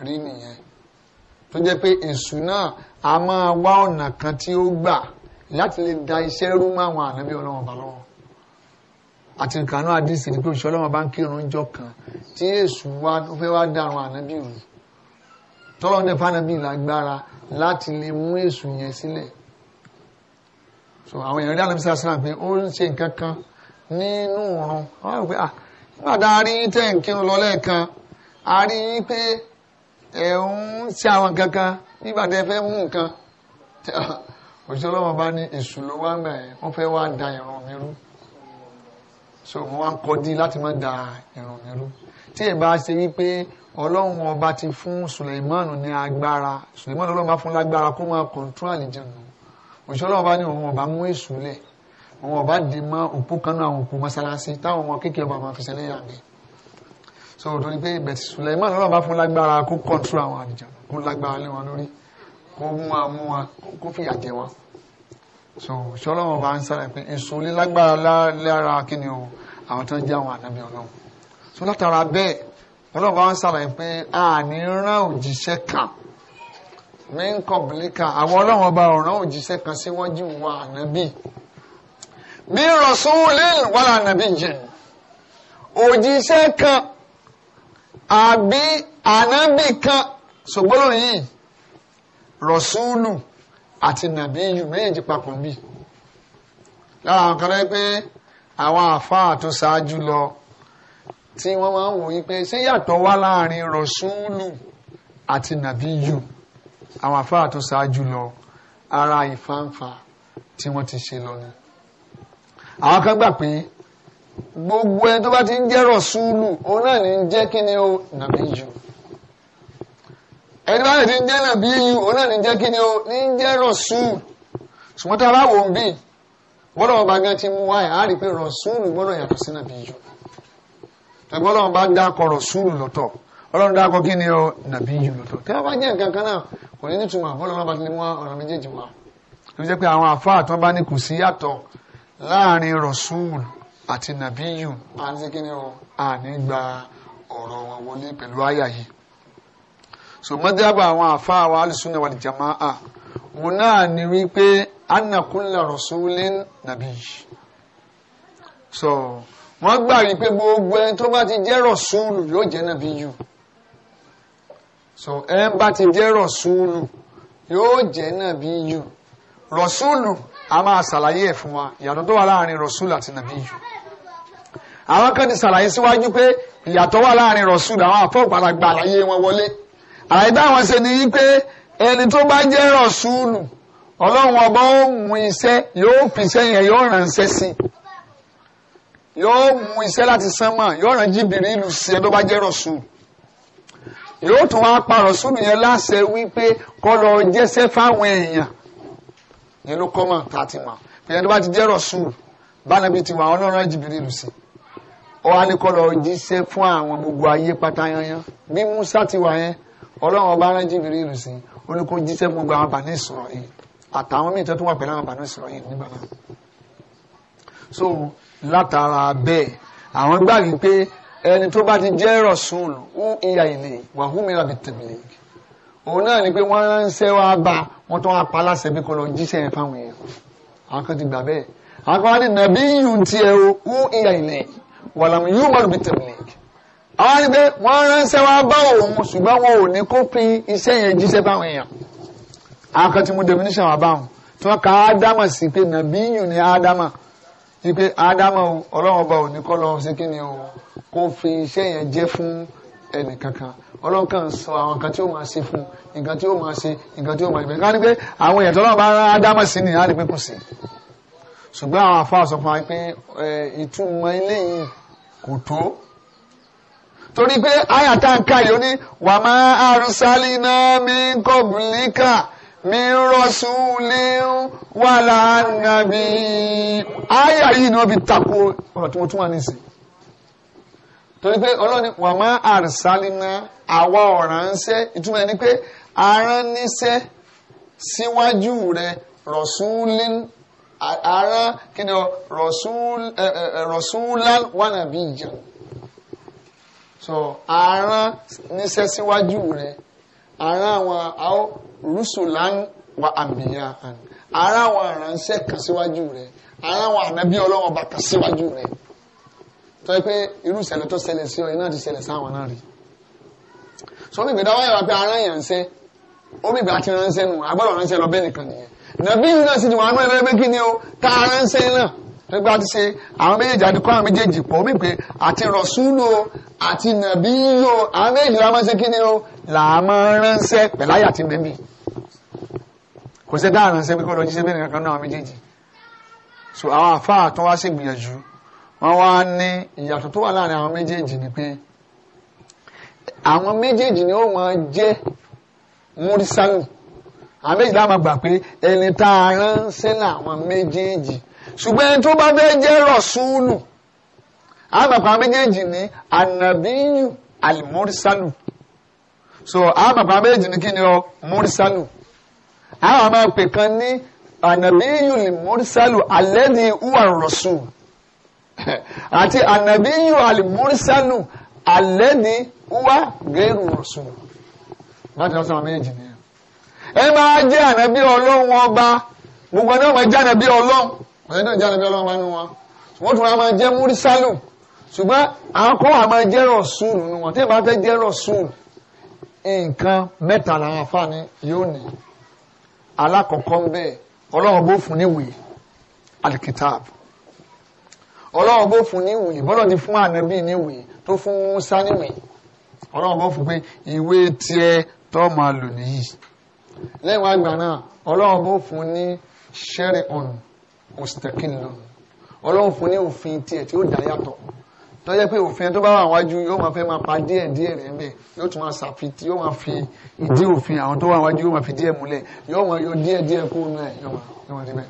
rí nìyẹn tó jẹ́ pé èṣù náà a máa wá ọ̀nà kan tí ó gbà láti lè da iṣẹ́ rú máwọn ànábì ọlọ́run ọba lọ́wọ́ àti nǹkan náà àdìsí ni pé òṣìṣẹ́ ọlọ́run bá ń kírun ọjọ́ kan tí èṣù wá tó fẹ́ wá dàrún ànábì rù tọ́lọ́run dẹ̀ fànábì lágbára láti lè mú èṣù yẹn sílẹ̀ so àwọn èèyàn rí ànábì sàṣàrà pé ó ń ṣe nǹkan kan nínú ọ̀run wọ́n rò pé ah nígbà tá a rí tẹ̀ ń kírun lọ lẹ́ẹ̀kan a rí pé ẹ̀ ń ṣe àwọn nǹkan kan nígbà tẹ́ fẹ́ mú nǹkan òṣìṣẹ́ ọlọ́run bá ní so mo wá ń láti má da ìrùn mi rú tí ẹ bá ṣe wípé ọlọ́run ọba ti fún Suleiman ní agbára Suleiman ọlọ́run bá fún lágbára kó máa kọ̀ǹtún àlìjẹ̀nù òṣìṣẹ́ ọlọ́run bá ní òun ọba mú èṣù lẹ̀ òun ọba dè mọ́ òpó kan àwọn òpó mọ́sálásí táwọn ọmọ kékeré ọba máa fi ṣẹlẹ̀ yà mí so torí pé bẹ̀tì Suleiman ọlọ́run bá fún lágbára kó kọ̀ǹtún àwọn àlìjẹ̀nù kó lágbára lé wọn lórí kó mú wọn kó fìyà jẹ wọn so ṣọlọ́wọ́ bá ń sára pé èso lílágbára lára kí ni o àwọn tó ń jẹ́ àwọn ànábì ọlọ́run so látara bẹ́ẹ̀ ọlọ́run bá ń sára pé àní rán òjíṣẹ́ kan mí ń kọ̀ bìlíkà àwọn ọlọ́run ọba ọ̀ràn òjíṣẹ́ kan síwájú wa ànábì bí rasulin wàlà ànábì jìn òjíṣẹ́ kan àbí ànábì kan ṣògbọ́n yìí rọ̀súlù àti nàbí yù méjì papọ̀ bí lára àwọn kan rẹ pé àwọn àfáà tó ṣáájú lọ tí wọ́n máa ń wòye pé ṣé yàtọ̀ wá láàrin rọ̀ṣúlù àti nàbí yù àwọn àfáà tó ṣáájú lọ ara ìfáǹfà tí wọ́n ti ṣe lọ ni àwọn kan gbà pé gbogbo ẹni tó bá ti ń jẹ́ rọ̀ṣúlù òun náà ní jẹ́ kí ni ó nàbí yù ẹni bá ti ń jẹ́ nàbí yìí òun náà jẹ́ kí ni o ní ń jẹ́ rọ̀ṣúù ṣùgbọ́n a wò ó bì gbọ́dọ̀ ọba gan ti mú wáyà á rí i pé rọ̀ṣúù gbọ́dọ̀ yàtọ̀ sí nàbí yìí tàbí ọlọ́run bá dákọ̀ rọ̀ṣúù lọ́tọ̀ ọlọ́run dákọ̀ kí ni o nàbí yìí lọ́tọ̀ tí wọ́n jẹ́ nǹkan kan náà kò ní nítumọ̀ ọlọ́run bá ti mú ọ̀nà méjèèjì jẹ́ so madhaba àwọn àfa wa alisuna wa jama'a òun náà ni wípé anna kulla rasulin nabi so wọ́n gbà wípé gbogbo ẹni tó bá ti jẹ́ rọ̀súlù yóò jẹ́ nàbí yù so ẹ bá ti jẹ́ rasulu yóò jẹ́ nàbí yù rọ̀súlù a máa ṣàlàyé ẹ̀ fún wa ìyàtọ̀ tó wà láàrin rọ̀súlù àti nàbí yù àwọn kan ti ṣàlàyé síwájú pé ìyàtọ̀ wà láàrin rọ̀súlù àwọn àfọ̀gbàlagbà àlàyé wọn wọlé àìdáwọn ṣe ni wípé ẹni tó bá jẹ́ rọ̀ṣúlù ọlọ́run ọba ó mú iṣẹ́ yóò fi iṣẹ́ yẹn yóò ránṣẹ́ sí yóò mú iṣẹ́ láti sánmọ̀ yóò rán jìbìrì ìlú sí ẹ tó bá jẹ́ rọ̀ṣúlù yóò tún wáá pa rọ̀ṣúlù yẹn láṣẹ wípé kọ́ lọ jẹ́sẹ́ fáwọn èèyàn yẹn ló kọ́ mọ̀ tá mọ̀ pé ẹni tó bá ti jẹ́ rọ̀ṣúlù bánàbí ti wà ọlọ́run jìbìrì ìlú sí ọ wá ní kọ́ lọ jíṣẹ́ fún àwọn gbogbo ayé pátá yanyan bí Musa ti wà yẹn ọlọ́run ọba rán Jibrilu sí ó ní kó jíṣẹ́ gbogbo àwọn Bani Israil àtàwọn míì tó tún wà pẹ̀lú àwọn Bani Israil nígbà náà so látara bẹ́ẹ̀ àwọn gbà wípé ẹni tó bá ti jẹ́ rọ̀sùn ó ìyá ilé wàhúmíra bíi tẹ̀lé òun náà ni pé wọ́n ránṣẹ́ wá bá wọ́n tó wá pa láṣẹ bí kò lọ jíṣẹ́ yẹn fáwọn èèyàn àwọn kan ti gbà bẹ́ẹ̀ àwọn kan wá ní nàbí yùn tiẹ̀ ó ìyá ilé wàlàmù yóò má bíi tẹ̀lé àwọn ni pé wọ́n ránṣẹ́ wá bá òun ṣùgbọ́n wọn ò ní kó pin iṣẹ́ yẹn jíṣẹ́ báwọn èèyàn akẹ́tí mu definition wà báwọn tí wọ́n ka ádámà sí pé nàbíyùn ni ádámà ni pé ádámà ọlọ́run ọba ò ní kọ́ lọ sí kí ni o kó fi iṣẹ́ yẹn jẹ́ fún ẹnì kankan ọlọ́run kan sọ àwọn kan tí ó máa ṣe fún nǹkan tí ó máa ṣe nǹkan tí ó máa ṣe ká ní pé àwọn èèyàn tó náà bá rán ádámà sí ni á rí pé sí ṣùgbọ́n àwọn afáàsọ torí pé àyà tá n ká yìí ó ní wà má arsalina min qablika min rasulin wala nabi. àyà yìí ni wọ́n fi tako ọ̀rọ̀ tí wọ́n tún wà nísìn. torí pé ọlọ́ni wà má arsalina àwa ọ̀ránṣẹ́ ìtumọ̀ ẹni pé aránníṣẹ́ síwájú rẹ̀ rasulin arán kí ni rọ̀ṣúlán wà nàbí ìjà so àárán níṣẹ́ síwájú rẹ àárán àwọn àwọn rusulan wa àbíyá àárán àwọn àránṣẹ́ kan síwájú rẹ àárán àwọn ànábí ọlọ́wọ́n bá kan síwájú rẹ tọ́ pé irú ìṣẹ̀lẹ̀ tó ṣẹlẹ̀ sí ọ iná ti ṣẹlẹ̀ sáwọn náà rí sọ ní ìgbéda wáyà wá pé àárán yàn ń ṣe ó bí ìgbà tí ránṣẹ́ nù agbọ́dọ̀ ránṣẹ́ lọ bẹ́ẹ̀ nìkan nìyẹn nàbí náà sì ti wà á mọ́ ẹgbẹ́ kí ni o tá a náà tẹ́gbẹ́ àti ṣe àwọn méjèèjì àti kọ́ àwọn méjèèjì pọ̀ ó mì pé àti rọ̀súlò àti nàbí yíyó àwọn méjèèjì la máa ń ṣe kí ni o là á máa ránṣẹ́ pẹ̀láyà ti mẹ́mí kò sí dáhà ránṣẹ́ pé kọ́ lọ jíṣẹ́ bẹ́ẹ̀ nìkan náà àwọn méjèèjì so àwọn àfáà tó wá ṣègbìyànjú wọ́n wá ní ìyàtọ̀ tó wà láàrin àwọn méjèèjì ni pé àwọn méjèèjì ni ó máa jẹ́ múrísálù àwọn méjèèjì láwọn gbà méjèèjì ṣùgbọ́n ẹni tó bá fẹ́ jẹ́ rọ̀ṣúlù àbàpà méjèèjì ní ànàbíyù so méjèèjì ní ni ọ Morisalu. àwọn máa pè kan ní ànàbíyù uwa àti Alimorisalu uwa gẹ́rù láti méjèèjì ni ẹ máa jẹ́ ànàbí ọlọ́run ọba gbogbo náà máa jẹ́ anabi ọlọ́run. ọ̀sẹ̀ náà jẹ́ àlẹ́bí ọlọ́run wá nínú wọn wọ́n tún ra máa jẹ́ múrísálù ṣùgbọ́n àwọn kan wà máa jẹ́ rọ̀ṣùlù nínú wọn tí ìbá fẹ́ jẹ́ rọ̀ṣùlù nǹkan mẹ́ta làwọn afáàní yóò ní alákọ̀ọ́kọ́ ń bẹ́ẹ̀ ọlọ́run bó fún níwèé alikitab ọlọ́run bó fún níwèé bọ́lọ̀ ti fún ànábì níwèé tó fún Mùsá níwèé ọlọ́run bó fún pé ìwé tiẹ̀ tó máa lò nìyí lẹ́yìn wá gbà náà ọlọ́run bó fún ní ṣẹ́rìn ọ̀nà mustaqil ọlọ́run fún ní òfin tiẹ̀ tí ó dá tó jẹ́ pé òfin tó bá wà wájú yóò máa fẹ́ máa pa díẹ̀ díẹ̀ rẹ̀ ń bẹ̀ yóò tún máa ṣàfitì yóò máa fi ìdí òfin àwọn tó wà wájú yóò máa fi díẹ̀ múlẹ̀ yóò máa yọ díẹ̀ díẹ̀ kó nù ẹ̀ yóò máa débẹ̀.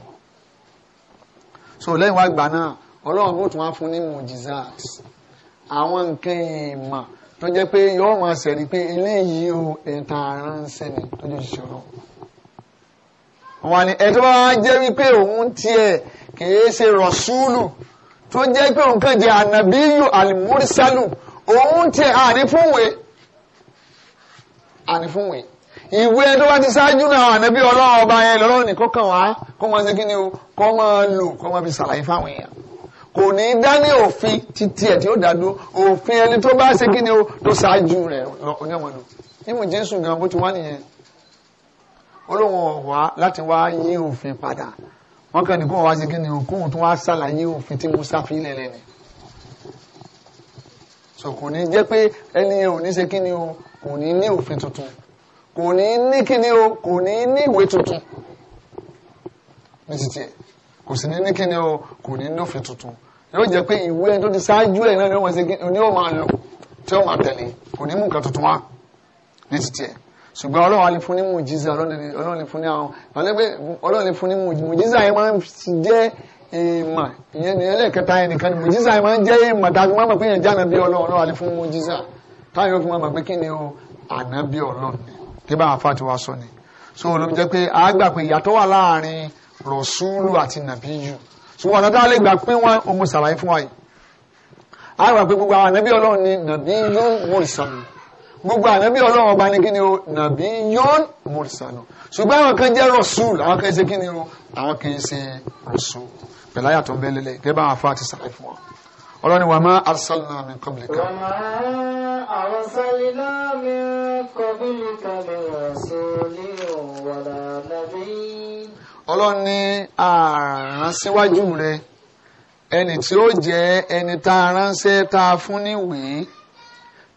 so lẹ́yìn wá gbà náà ọlọ́run yóò tún wá fún ní mojizat àwọn nǹkan ìmọ̀ tó jẹ́ pé yóò máa ṣẹ̀rí pé eléyìí o ẹ̀ta aránṣẹ́ ni tó jẹ́ òṣìṣẹ́ ọlọ́run wọn ni ẹ tó bá wá jẹ́ wípé òun tiẹ̀ kìí ṣe rọ̀ṣúlù tó jẹ́ pé òun kàn jẹ́ ànàbíyù àlìmúrísálù òun tiẹ̀ àní fúnwèé àní fúnwèé ìwé tó bá ti ṣáájú náà ànàbí ọlọ́run ọba yẹn lọ́rọ́ nìkan kàn wá kó máa ṣe kí ni o kó máa lò kó máa fi ṣàlàyé fáwọn èèyàn kò ní í dá ní òfin títí ẹ̀ tí ó dàdú òfin ẹni tó bá ṣe kí ni o tó ṣáájú rẹ̀ onímọ̀nà ìmọ̀ jésù gan bó ti wá nìyẹn olóhùn ọ̀wá láti wá yí òfin padà wọ́n kàn ní kóhùn wá sí kí ni òkúhùn tó wá ṣàlàyé òfin tí Musa fi lẹ̀lẹ̀ ni so kò ní jẹ́ pé ẹni ò ní ṣe kí ni o kò ní ní òfin tuntun kò ní ní kí ni o kò ní ní ìwé tuntun ní títí ẹ̀ kò sì ní ní kí ni o kò ní ní òfin tuntun yóò jẹ́ pé ìwé ẹni tó ti ṣáájú ẹ̀ náà ni ó máa lò tí ó máa tẹ̀lé kò ní mú nǹkan tuntun wá ní títí ẹ̀ ṣùgbọ́n ọlọ́run alẹ́ fún ní mùjíza ọlọ́run lè fún ní àwọn ọlọ́run lè fún ní mùjíza yẹn máa ń jẹ́ èèmà ìyẹn nìyẹn lẹ́ẹ̀kẹta yẹn nìkan mùjíza yẹn máa ń jẹ́ èèmà tàbí máa mọ̀ pé yẹn jáná bí ọlọ́run alẹ́ fún mùjíza táyọ̀ fi máa mọ̀ kí ni o àná bí ọlọ́run tí bá àfa ti wá sọ ni so ló jẹ́ pé a gbà pé ìyàtọ̀ wà láàrin rọ̀ṣúlù àti nàbíyù ṣùgbọ́n ọ̀nà táwọn lè gbà pé wọ́n gbogbo ànábì ọlọ́run ọba ní kí ni o nàbí yọ́n mùsàlù ṣùgbọ́n àwọn kan jẹ́ rọ̀ṣùl àwọn kan ṣe kí ni o àwọn kan ṣe rọ̀ṣùl pẹ̀lú àyàtọ̀ bẹ́ẹ̀ lélẹ̀ gẹ́gẹ́ bá àwọn afá ti sàlẹ̀ fún wa ọlọ́ni wà máa arsalna min qablika. wà máa wala nabiyyin. ọlọ́ni àrán síwájú rẹ ẹni tí ó jẹ́ ẹni tá a ránṣẹ́ tá a fún níwèé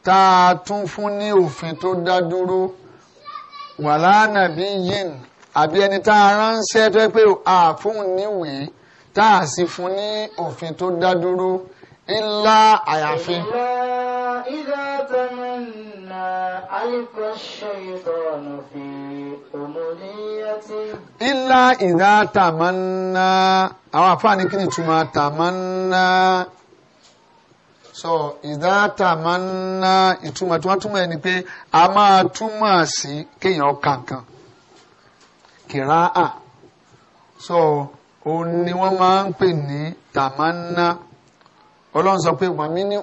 tá a tún fún ní òfin tó dá dúró wàlá nàbí yìn àbí ẹni tá a ránṣẹ́ tó pé a fún níwèé tá a sì fún ní òfin tó dá dúró ńlá àyàfi. ìlà tamanna alqa shaytanu fi umniyati. ìlà ìdá tamanna àwọn àfáàní kí ni so ìdátamanná ìtumọ̀ tí wọ́n túmọ̀ ẹni pé a máa túmọ̀ sí kéèyàn kankan kìrá à so òun ni wọ́n máa ń pè ní tamanna ọlọ́run sọ pé wàmí ní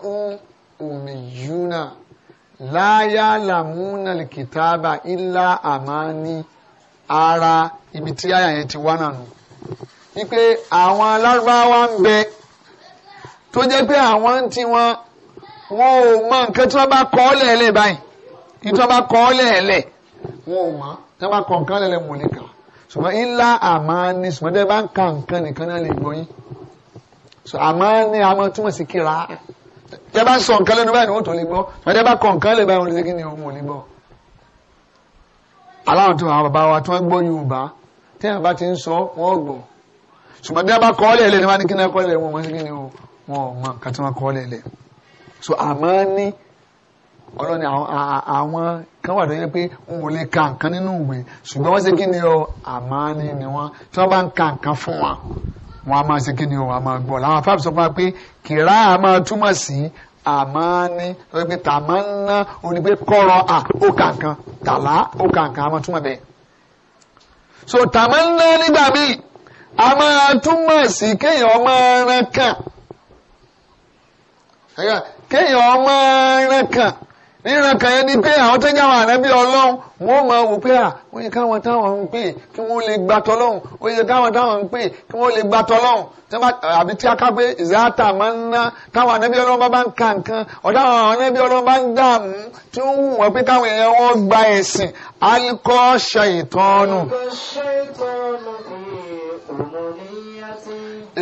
omi yúnà láyà làmúnà kìtàbà ilá àmání ara ibi tí àyà yẹn ti wá nànú wípé àwọn alárúbáwá ń bẹ tó jẹ́ pé àwọn ń ti wọn wọn ò mọ nǹkan tí wọ́n bá kọ́ ọ́ lẹ́ẹ̀lẹ́ báyìí ní tí wọ́n bá kọ́ lẹ́ẹ̀lẹ́ wọn ò mọ̀ tí wọ́n bá kọ́ nǹkan lẹ́ẹ̀lẹ́ wọn ò ṣùgbọ́n ńlá àmọ́ ni ṣùgbọ́n tẹ́ bá ń ka nǹkan nìkan náà lè gbọ́ yín àmọ́ ni àmọ́ túmọ̀ sí kíra tẹ́ bá sọ nǹkan lẹ́nu báyìí ni wọ́n tó lè gbọ́ ṣùgbọ́n tẹ́ bá kọ́ nǹkan lẹ́ẹ̀lẹ́ báyìí wọ́n lè aláwọn tó àwọn bàbá wa tó ń gbọ́ yorùbá tí àwọn bá ti ń sọ wọ́n gbọ́ ṣùgbọ́n bí wọ́n bá kọ́ ọ́lẹ̀ lẹ́nu wá ní kí náà kọ́ ọ́lẹ̀ wọn wọ́n sí kí ni o wọn ò mọ nǹkan tí wọ́n kọ́ lélẹ̀ so àmọ́ ní ọlọ́ni àwọn kan wà tó yẹ pé wọn ò lè ka nǹkan nínú ìwé ṣùgbọ́n wọ́n ṣe kí ni o àmọ́ ní ni wọ́n tí wọ́n bá ń ka nǹkan fún wọn wọn a máa ṣe kí ni o a máa gbọ́ làwọn afáàbí sọ fún wa pé kìrá a máa túmọ̀ sí àmọ́ ní lọ́wọ́ pé tàmá ń ná onígbé kọ́rọ̀ à ó kàǹkan tàlá ó kàǹkan a máa túmọ̀ bẹ́ẹ̀ so tàmá ná nígbà míì a máa túmọ̀ sí kéèyàn máa rán kàn kéèyàn ọmọ ẹrankan níran kan yẹn ni pé àwọn tó ń jáwọ ànábì ọlọ́run wọn ò máa wò pé à ó yẹ káwọn táwọn ń pè kí wọ́n lè gba tọ́lọ́hún ó yẹ káwọn táwọn ń pè kí wọ́n lè gba tọ́lọ́hún àbí tí a ká pé ìzáàtà máa ń ná káwọn ànábì ọlọ́run bá bá ń ka nǹkan ọ̀dà àwọn ànábì ọlọ́run bá ń dààmú tí ó wù wọ́n pé káwọn èèyàn wọn gba ẹ̀sìn alikọ́ ṣàìtọ́nù.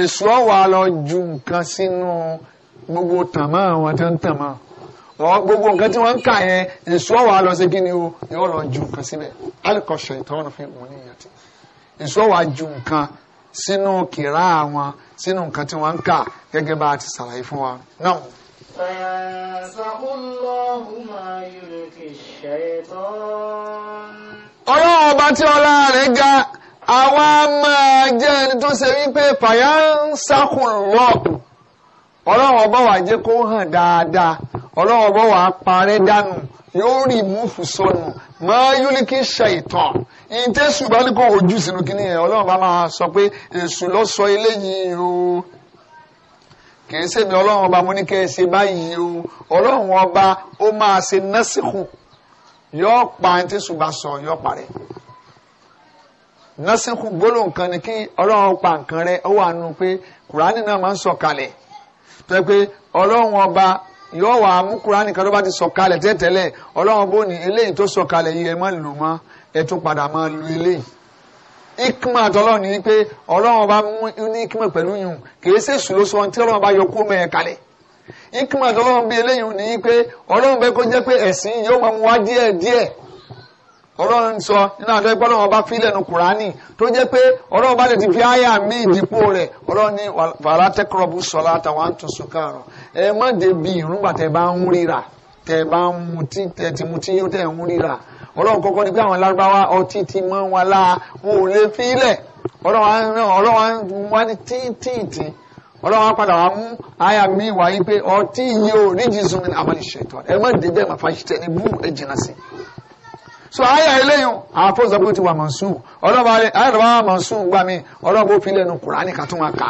èso wà lọ ju nǹkan sínú gbogbo tàmá àwọn tó ń tàmá wọn gbogbo nǹkan tí wọn ń kà yẹn èso wà lọ sí kíni o yóò lọ ju nǹkan síbẹ̀ alikọsọ ìtọrọ fún ìmọ nìyẹn ti èso wà ju nǹkan sínú kìrá àwọn sínú nǹkan tí wọn ń kà gẹ́gẹ́ bá a ti ṣàlàyé fún wa náà. ọlọ́run ọba tí ọlá rẹ̀ ga àwa máa jẹ́ ẹni tó ṣe wípé fàyà ń sákùn lọ́ọ̀kù ọlọ́run ọba wa jẹ́ kó hàn dáadáa ọlọ́run ọba wa parẹ́ dànù yóò rí múfù sọnù mọ́ yúlíkì ṣàìtàn ìtẹ́sù bá ní kó ojú sínú kínní yẹn ọlọ́run bá máa sọ pé èṣù ló sọ eléyìí o kìí sèmi ọlọ́run ọba mo ní kẹ́ ẹ ṣe báyìí o ọlọ́run ọba ó máa ṣe násìkò yóò pa ìtẹ́sù bá sọ yóò parẹ́ násìkò gbólóhùn kan ni kí ọlọ́run pa nǹkan rẹ ó wà nù pé kùránì náà máa ń sọ kalẹ̀ tó yẹ pé ọlọ́run ọba yóò wà mú kúránì kan tó bá ti sọ̀kalẹ̀ tẹ́tẹ́lẹ̀ ọlọ́run bó ni eléyìí tó sọ̀kalẹ̀ yìí ẹ má lò mọ́ ẹ tún padà máa lu eléyìí ikma tọlọ́run ni pé ọlọ́run ọba mú ní ikma pẹ̀lú yìí kì í ṣe sùn ló sọ tí ọlọ́run bá yọ kó mẹ́ẹ̀ kalẹ̀ ikma tọlọ́run bí eléyìí ni pé ọlọ́run bẹ́ẹ̀ kó jẹ́ pé ẹ̀sìn yóò máa mú wá díẹ̀ díẹ̀ ọlọ́run sọ nínú àjọ ìgbọ́dọ̀ wọn bá kùránì tó jẹ́ pé ọlọ́run bá lè ti fi àyà mí ìdìpò rẹ̀ ọlọ́run ní wàhálà tẹ́kọ̀rọ̀bù sọ̀lá àtàwọn àtúnṣe kàrọ̀ ẹ má débi ìrúgbà tẹ bá ń ríra tẹ bá ń mutí tẹ ti mutí yóò tẹ ń ríra ọlọ́run kọ́kọ́ so àyà eléyìí àwọn fóònù sọ pé ó ti wà mọ̀nsùn ọlọ́ba àyà tó bá wà mọ̀nsùn gbà mí ọlọ́ba ó fi lẹ́nu kùránì ká tún máa kà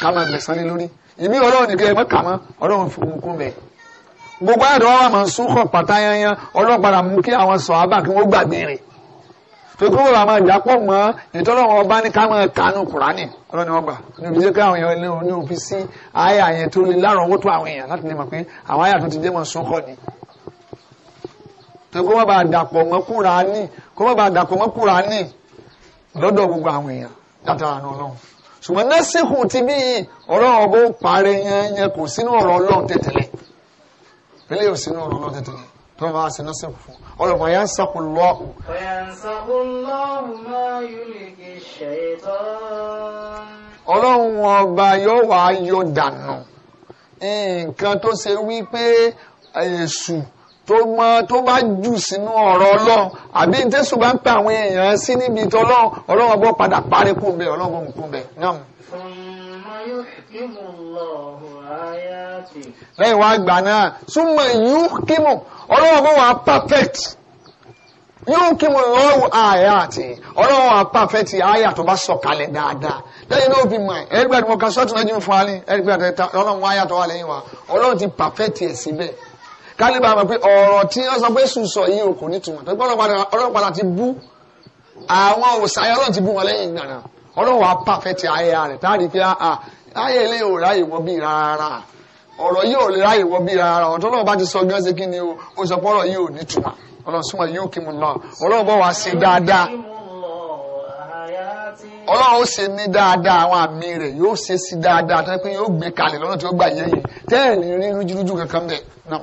ká máa gbẹ̀sán lé lórí ìmí ọlọ́run nìkan ẹ̀ mọ́ kà mọ́ ọlọ́run fún un kún bẹ́ẹ̀ gbogbo àyà tó bá wà mọ̀nsùn kọ̀ pàtàyànyàn ọlọ́run padà mú kí àwọn sọ̀hábà kí wọ́n gbàgbé rẹ̀ fipú wà máa dàpọ̀ mọ́ ìtọ́lọ́wọ́ ọba ní ká máa tó kó má bàa dàpọ̀ mọ́ Kùránì kó má bàa dàpọ̀ mọ́ Kùránì lọ́dọ̀ gbogbo àwọn èèyàn látara àánú Ọlọ́run ṣùgbọ́n násìkò ti bí ọ̀rọ̀ ọ̀bọ parẹ́ yẹn yẹn kò sínú ọ̀rọ̀ Ọlọ́run tẹ̀tẹ̀lẹ̀ pẹ̀lẹ́ yóò sínú ọ̀rọ̀ Ọlọ́run tẹ̀tẹ̀lẹ̀ tó máa ṣe násìkò fún ọ̀rọ̀ wọn yà ń sàkó lọ́ọ̀hù. Ọlọ́run ọba tó mọ tó bá jù sínú ọ̀rọ̀ ọlọ́run àbí jésù bá ń pè àwọn èèyàn sí níbi tó ọlọ́run ọlọ́run ọgbọ́n padà parí kún bẹ́ẹ̀ ọlọ́run ọgbọ́n kún bẹ́ẹ̀ náà. lẹ́yìn wá gbà náà súnmọ́ yóò kímù ọlọ́run ọgbọ́n wà perfect yóò kímù lọ́wọ́ àyà àti ọlọ́run wà perfect àyà tó bá sọ̀kalẹ̀ dáadáa lẹ́yìn náà fi mọ̀ ẹ́ ẹ̀rí gbàdúrà kan sọ́tún ẹ̀jú fún wa ní ẹ̀rí gbàdúrà ọlọ́run wáyà tó wà lẹ́yìn wa ọlọ́run ti perfect ẹ̀ síbẹ̀. kálíbà mọ̀ pé ọ̀rọ̀ tí wọ́n sọ pé sùsọ yìí o kò ní tùmọ̀ tó gbọ́dọ̀ ọlọ́pàá ti bú àwọn òsàyẹ ọlọ́run ti bú wọn lẹ́yìn ọlọ́run wàá pàfẹ́ rẹ̀ ah, ah, ayé o sọ pé yìí ò ní ṣe ní dáadáa àwọn àmì yóò ṣe sí dáadáa tó yóò gbé tí ó gbà yìí tẹ́ẹ̀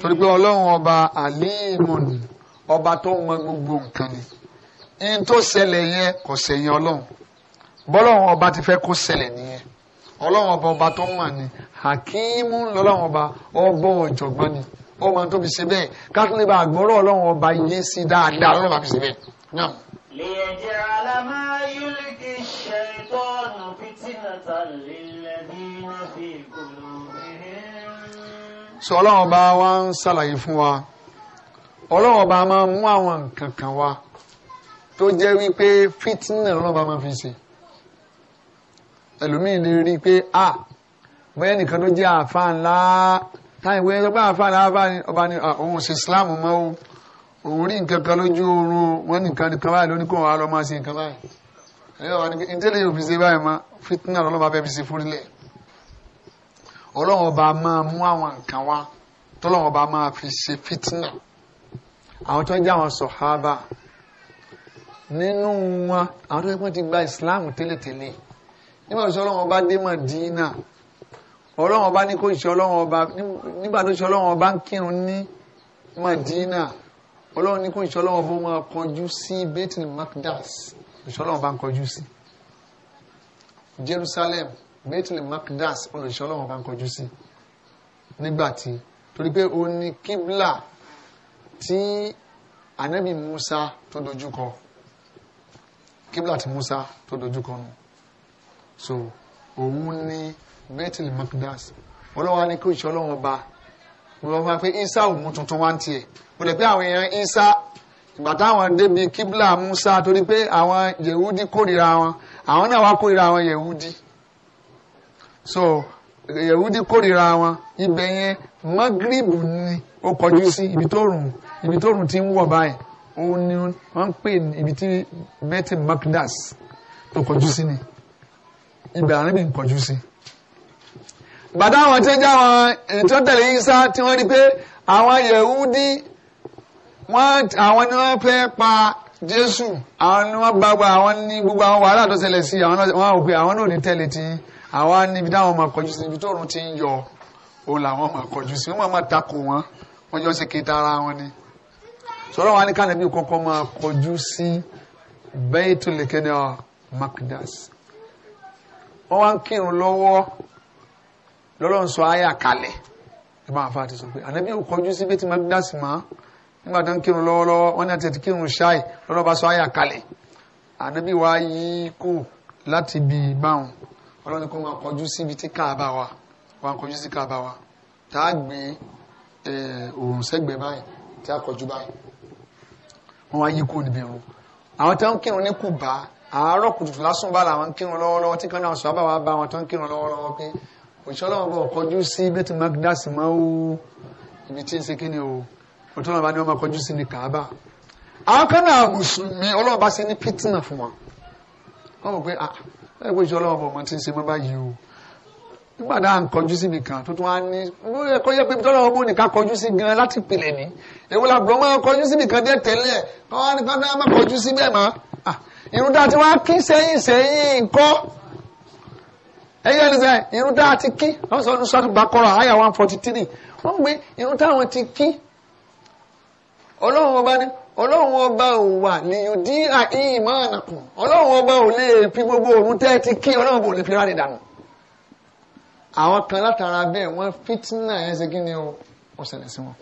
torí pé ọlọ́run ọba àlímù ni ọba tó mọ gbogbo nǹkan ni in tó ṣẹlẹ̀ yẹn kò ṣẹ̀yìn ọlọ́run bọ́lọ́run ọba ti fẹ́ kó ṣẹlẹ̀ nìyẹn ọlọ́run ọba ọba tó mọ̀ ni hakimu lọ́lọ́run ọba ọgbọ́ ọ̀jọ̀gbọ́n ni ó máa tó ṣe bẹ́ẹ̀ kátólì àgbọ̀rọ̀ ọlọ́run ọba yé sí dáadáa lọ́lọ́run bá fi ṣe bẹ́ẹ̀ sọ ọlọ́run ọba wa ń ṣàlàyé fún wa ọlọ́run ọba máa mú àwọn nǹkan kan wá tó jẹ́ wípé fítínà ọlọ́run ọba máa fi ṣe ẹlòmíì lè rí i pé a bóyá nìkan tó jẹ́ àáfàá ńlá táyì wọ́n yẹ pé àáfàá ńlá ọba ni òun ṣe Islam mọ́ o òun rí nǹkan kan lójú oorun wọ́n nìkan nìkan báyìí lóníkó wa lọ́ máa ṣe nǹkan báyìí ẹ̀yọ́ wa ni pé ntẹ́lẹ̀ yóò fi ṣe báyìí ma fitina lọ́lọ́mọ abẹ́ fi ṣe fúrilẹ̀ ọlọ́run ọba máa mú àwọn nǹkan wá tọ́lọ́run ọba máa fi ṣe fitina àwọn tó ń jẹ́ àwọn sọ̀hábà nínú wọn àwọn tó ń pọ́n ti gba ìsìláàmù tẹ́lẹ̀tẹ́lẹ̀ nígbà tó ṣe ọlọ́run ọba dé Mádínà ọlọ́run ọba ní kó ṣe ọlọ́run ọba nígbà tó ṣe ọlọ́run ọba ń kírun ní Mádínà ọlọ́run ní kó ṣe ọlọ́run ọba máa kọjú sí Baitul Maqdas olùṣọ́lọ́wọ́n bá ń kọjú sí Jerusalem Bethel Makdas olùṣọ́lọ́wọ́n bá ń kọjú sí nígbàtí torí pé ó ní kíbla tí anabi Musa tó dojúkọ kíbla tí Musa tó dojúkọ nù so òun ní Bethel Makdas ọlọ́wọ́n ní kí olùṣọ́lọ́wọ́n bá wọ́n wá pé Isa òun tuntun wá ń tiẹ̀ kò lè pé àwọn èèyàn Isa ìgbà táwọn débi kíbla Musa torí pé àwọn yehudi kórìíra wọn àwọn náà wá kórìíra àwọn yehudi so yehudi kórìíra wọn ibẹ̀ yẹn magribu ni ó kọjú sí ibi tó rùn ibi tó rùn ti ń wọ̀ báyìí òun ni wọ́n ń pè ibi tí bẹ́tẹ̀ makdas tó kọjú sí ni ibẹ̀ àná bí ń kọjú sí. bàtà àwọn tí ó jẹ́ àwọn ètò tẹ̀lé yín sá tí wọ́n rí pé àwọn yehudi wọ́n àwọn ni wọ́n fẹ́ pa Jésù àwọn ni wọ́n gbàgbọ́ àwọn ní gbogbo àwọn wàhálà tó ṣẹlẹ̀ sí àwọn náà wọ́n pe àwọn náà ní tẹ́lẹ̀ tí àwọn níbi táwọn máa kọjú sí ibi tó òrùn ti ń yọ òun làwọn máa kọjú sí wọ́n máa takò wọn wọ́n jọ ṣe kéta ara wọn ni sọ̀rọ̀ wọn ni kánàbí kọ́kọ́ máa kọjú sí Baitul Maqdas wọ́n wá ń kírun lọ́wọ́ lọ́lọ́run sọ ayà kalẹ̀ ẹ̀ bá wọn fa àti sọ pé ànábì ò kọjú sí Baitul Maqdas máa nígbà tó ń kírun lọ́wọ́lọ́wọ́ wọ́n ní àti ẹ̀tí kírun ṣáì lọ́dọ̀ bá sọ àyà kalẹ̀ ànábì wa yí kù láti bí i báwọn ọlọ́run kó wọn kọjú síbi tí káàbà wa wọn kọjú sí káàbà wa tá a gbé òòrùn sẹ́gbẹ̀ẹ́ báyìí tí a kọjú báyìí wọ́n wá yí kù níbi irun àwọn tó ń kírun ní kùbá àárọ̀ kùtùtù lásùn bá làwọn kírun lọ́wọ́lọ́wọ́ tí kan náà sọ magdas máa ń wú ibi ọtún náà bá ní wọn máa kọjú sí ní Kaaba àwọn kan náà mùsùlùmí Ọlọ́run bá ṣe ní pítínà fún wọn wọn mọ̀ pé ah ẹ kò jọ Ọlọ́run ọmọ tí ń ṣe mọ́ báyìí o nígbà náà ń sí nìkan tó tún ní ẹ yẹ pé tọ́lá ọmọ nìkan kọjú sí gan láti pilẹ̀ ní èwo la bùrọ̀ máa kọjú sí nìkan dé tẹ́lẹ̀ káwọn nìkan náà máa kọjú sí bẹ́ẹ̀ mọ́ ah, irun dáa ti wá kí sẹ́yìn sẹ́yìn nǹkan ẹyẹ ni sẹ́yìn irun dáa ti kí lọ́sọ̀ọ́nù sọ́ọ̀tù bá kọ́ra àyà one forty three wọ́n gbé irun táwọn ti kí ọlọ́run ọba ní ọlọ́run ọba ò wà ní ìdí àìmọ́ ànàkùn ọlọ́run ọba ò lè fi gbogbo òun tẹ́ ti kí ọlọ́run ọba ò lè fi ráre dànù. àwọn kan látara bẹ́ẹ̀ wọ́n fìtínà ẹ̀ ṣe kí ni ó ṣẹlẹ̀ sí wọn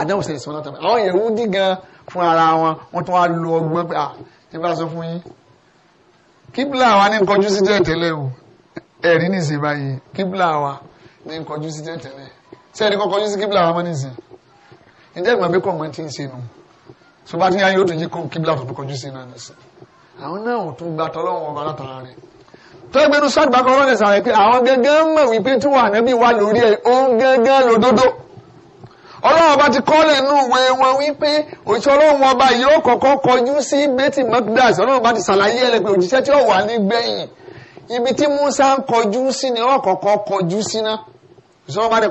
àdáwò ṣẹlẹ̀ sí wọn látara àwọn Yẹhudi gan fún ara wọn wọ́n tún wá lo ọgbọ́n pé ah tí bá sọ fún yín kíbla wa ní nkọjú sí tẹ́tẹ́lẹ̀ o ẹ̀rí nìsín báyìí kíbla wa ní nkọjú sí tẹ́tẹ́lẹ̀ sẹ́ẹ̀rí kọ́ kọjú sí kíbla wa mọ́ nìsín ǹjẹ́ ìgbà mi kọ́ ọmọ tí ń ṣe nu tó bá ti yá yóò tún yí kún kíbla tó kọjú sí náà nìsín àwọn náà ò tún gba tọ́lọ́wọ́n ọba látara rẹ̀ tó gbẹnu sọ́ọ̀dù bá kọ́ ọlọ́run sàrẹ̀ pé àwọn gángan mọ̀ wípé tí wà nẹ́bí wà lórí ẹ̀ ó ń gángan lódodo ọlọ́run ọba ti kọ́lẹ̀ inú ìwé wọn wípé òṣìṣẹ́ ọlọ́run ọba yóò kọ́kọ́ kọjú sí bẹ́tì mọ́kídàs ọlọ́run ọba ti ṣàlàyé ẹ̀ pé òṣìṣẹ́ tí